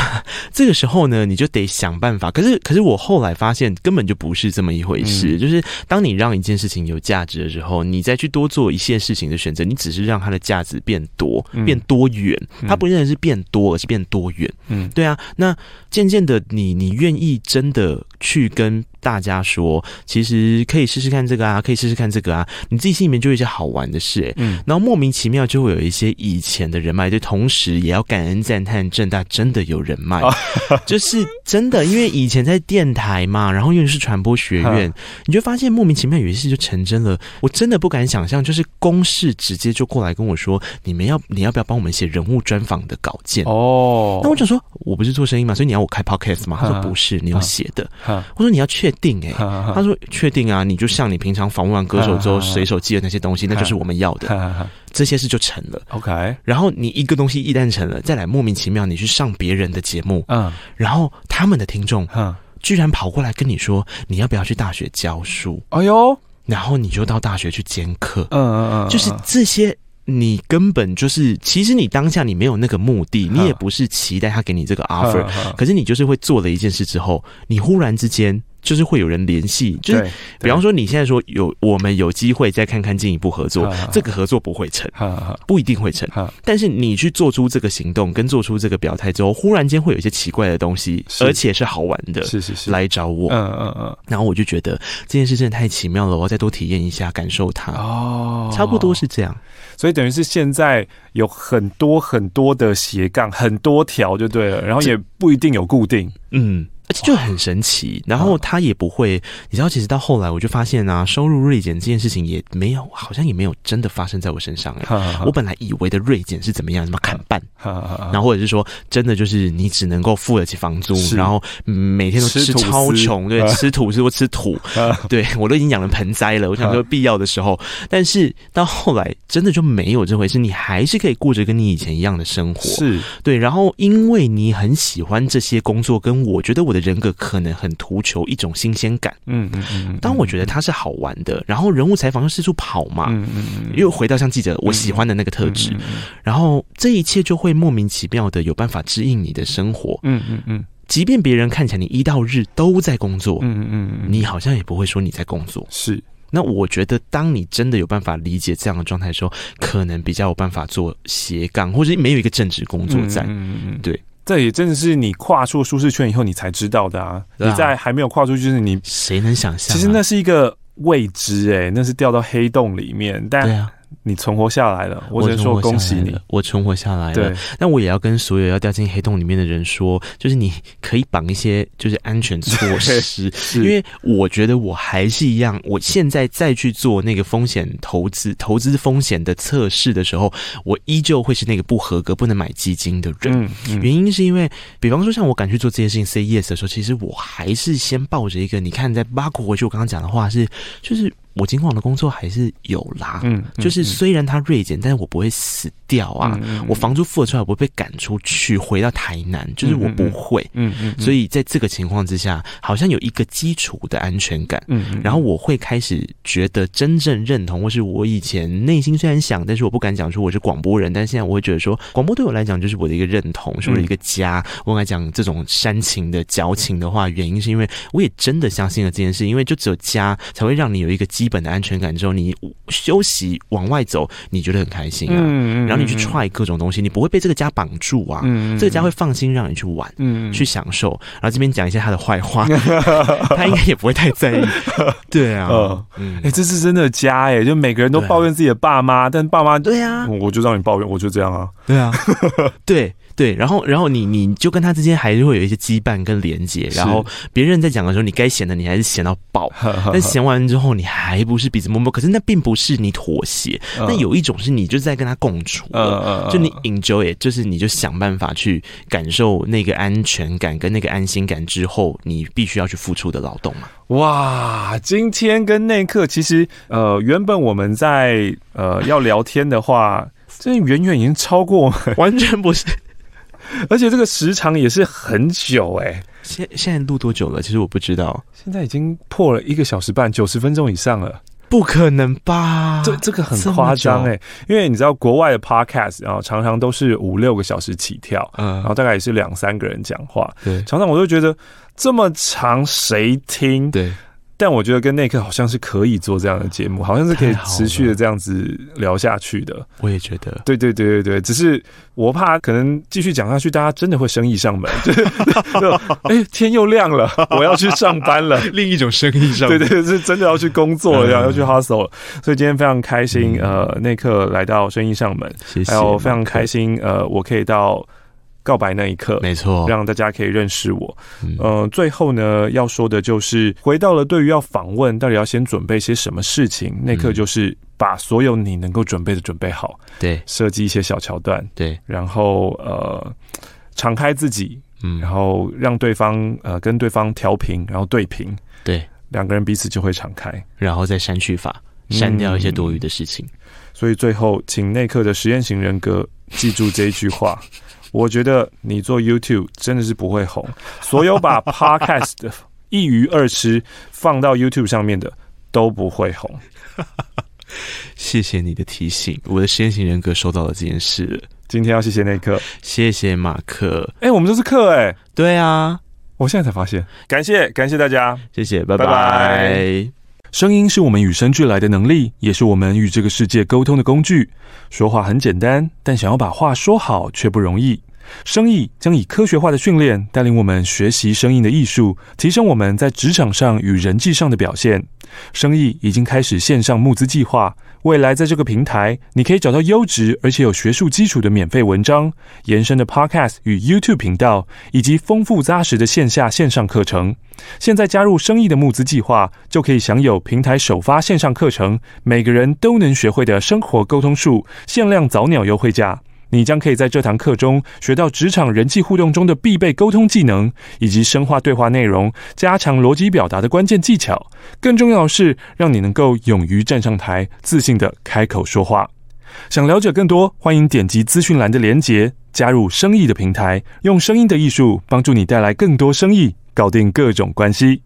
這個時候呢，你就得想辦法。可是，可是我後來發現根本就不是這麼一回事。嗯、就是當你讓一件事情有價值的時候，你再去多做一件事情的選擇，你只是讓它的價值變多，變多元、嗯嗯。它不認為是變多，而是變多元。嗯，對啊。那漸漸的你，你你願意真的去跟大家說，其實可以試試看這個啊，可以試試看這個啊。你自己心裡面就有一些好玩的事、欸，嗯。那然後莫名其妙就會有一些以前的人脈，就同時也要感恩讚嘆政大真的有人脈， 就是真的，因為以前在電台嘛，然後又是傳播學院， 你就發現莫名其妙有一些事就成真了。我真的不敢想象，就是公司直接就過來跟我說：“你們要你要不要幫我們寫人物專訪的稿件？”哦、oh.，那我想說，我不是做聲音嘛，所以你要我開 podcast 嗎？ 他說不是，你要寫的。 我說你要確定哎、欸， 他說確定啊。你就像你平常訪問完歌手之後隨手記的那些東西，那就是我們要的。這些事就成了，OK。然後你一個東西一旦成了，再來莫名其妙你去上別人的節目，嗯、uh.，然後他們的聽眾，嗯，居然跑過來跟你說，你要不要去大學教書？哎呦，然後你就到大學去兼課，嗯嗯嗯，就是這些你根本就是，其實你當下你沒有那個目的，你也不是期待他給你這個 offer，、uh. 可是你就是會做了一件事之後，你忽然之間。就是會有人聯繫，就是比方說你現在說有我們有機會再看看進一步合作，啊，這個合作不會成，啊，不一定會成，啊。但是你去做出這個行動跟做出這個表態之後，忽然間會有一些奇怪的東西，而且是好玩的，是是是，是來找我，是是是，嗯嗯嗯。然後我就覺得這件事真的太奇妙了，我要再多體驗一下，感受它。哦，差不多是這樣。所以等於是現在有很多很多的斜槓，很多條就對了，然後也不一定有固定，嗯。而且就很神奇，然後他也不會，你知道，其實到後來我就發現啊，收入銳減這件事情也沒有，好像也沒有真的發生在我身上，欸啊啊。我本來以為的銳減是怎麼樣，怎麼砍半，啊啊啊，然後或者是說真的就是你只能夠付得起房租，然後每天都吃超窮，對，啊，吃土是不吃土？啊、對我都已經養了盆栽了，我想說必要的時候，啊、但是到後來真的就沒有這回事，你還是可以過着跟你以前一樣的生活。是對，然後因為你很喜歡這些工作，跟我覺得我。的人格可能很圖求一種新鮮感，嗯嗯，當我覺得它是好玩的，然後人物採訪又四處跑嘛，嗯嗯嗯，又回到像記者我喜歡的那個特質，然後這一切就會莫名其妙的有辦法適應你的生活，嗯嗯嗯，即便別人看起來你一到日都在工作，嗯嗯，你好像也不會說你在工作，是。那我覺得，當你真的有辦法理解這樣的狀態的時候，可能比較有辦法做斜槓，或者沒有一個正職工作在，嗯嗯，對。這也真的是你跨出舒適圈以後，你才知道的啊！啊你在還沒有跨出去時，你誰能想象、啊。其實那是一個未知，哎，那是掉到黑洞裡面，但對、啊……你存活下來了，我只能說恭喜你。我存活下來了，來了對。那我也要跟所有要掉進黑洞裡面的人說，就是你可以綁一些就是安全措施，因為我覺得我還是一樣。我現在再去做那個風險投資、投資風險的測試的時候，我依舊會是那個不合格、不能買基金的人。嗯嗯、原因是因為，比方說像我敢去做這件事情，say yes 的時候，其實我還是先抱着一個，你看在馬克回去我剛剛講的話是，就是。我今後的工作還是有啦，嗯，嗯嗯，就是雖然它銳減，但是我不會死掉啊，嗯嗯、我房租付得出來，我不會被趕出去，回到台南，就是我不會，嗯嗯，嗯，嗯，所以在這個情況之下，好像有一個基礎的安全感嗯，嗯，然後我會開始覺得真正認同，或是我以前內心雖然想，但是我不敢講說我是廣播人，但現在我會覺得說，廣播對我來講就是我的一個認同，是我的一個家。嗯、我剛才講這種煽情的矯情的話，原因是因為我也真的相信了這件事，因為就只有家才會讓你有一個基。基本的安全感之後，你休息往外走，你覺得很開心啊。然後你去踹各種東西，你不會被這個家綁住啊。這個家會放心讓你去玩，去享受。然後這邊講一下他的壞話 他應該也不會太在意。對啊、呃，哎、欸，這是真的家哎、欸，就每個人都抱怨自己的爸媽、啊，但爸媽對啊，我，我就讓你抱怨，我就這樣啊，對啊，對。對，然後，然後你，你就跟他之間還是會有一些羈絆跟連接。然後別人在講的時候，你該嫌的，你還是嫌到爆。但嫌完之後，你還不是彼此摸摸。可是那並不是你妥協。Uh, 那有一種是你就在跟他共處，uh, uh, uh, 就你 enjoy it，就是你就想辦法去感受那個安全感跟那個安心感之後，你必須要去付出的勞動嘛。哇，今天跟那一刻，其實呃，原本我們在呃要聊天的話，這遠遠已經超過，完全不是。而且這個時長也是很久誒、欸、現現在錄多久了？其實我不知道，現在已經破了一個小時半，九十分鐘以上了。不可能吧？這這個很誇張誒，因為你知道國外的 podcast 啊，常常都是五六個小時起跳，嗯，然後大概也是兩三個人講話，對，常常我都覺得這麼長誰聽？對。但我覺得跟內克好像是可以做這樣的節目，好像是可以持續的這樣子聊下去的。我也覺得，對對對對對，只是我怕可能繼續講下去，大家真的會生意上門。哎、 欸，天又亮了，我要去上班了。 另一種生意上門，對對對，是真的要去工作了，要要去 hustle 了、 嗯。所以今天非常開心，呃，內克來到生意上門，謝謝。還有非常開心，呃，我可以到。告白那一刻，沒錯，讓大家可以認識我。嗯，呃、最後呢要說的就是，回到了對於要訪問，到底要先準備些什麼事情？嗯、內克就是把所有你能夠準備的準備好，對，設計一些小橋段，對，然後呃，敞開自己，嗯，然後讓對方呃跟對方調頻，然後對頻，對，兩個人彼此就會敞開，然後再刪去法，刪掉一些多餘的事情、嗯。所以最後，請內克的實驗型人格記住這一句話。 我覺得你做 YouTube 真的是不會紅，所有把 Podcast 的一魚二吃放到 YouTube 上面的都不會紅。 謝謝你的提醒，我的先行人格收到了這件事。今天要謝謝那一刻，謝謝馬克。哎、欸，我們都是客誒、欸、對啊，我現在才發現。感謝，感謝大家，謝謝，拜拜。拜拜。聲音是我們與生俱來的能力，也是我們與這個世界溝通的工具。說話很簡單，但想要把話說好卻不容易。聲藝將以科學化的訓練帶領我們學習聲藝的藝術，提升我們在職場上與人際上的表現。聲藝已經開始線上募資計劃，未來在這個平台，你可以找到優質而且有學術基礎的免費文章，延伸的 Podcast 與 YouTube 頻道，以及豐富紮實的線下線上課程。現在加入聲藝的募資計劃，就可以享有平台首發線上課程，每個人都能學會的生活溝通術，限量早鳥優惠價。你將可以在這堂課中學到職場人際互動中的必備溝通技能，以及深化對話內容、加強邏輯表達的關鍵技巧。更重要的是，讓你能夠勇於站上台，自信的開口說話。想了解更多，歡迎點擊資訊欄的連結，加入聲藝的平台，用聲音的藝術幫助你帶來更多生意，搞定各種關係。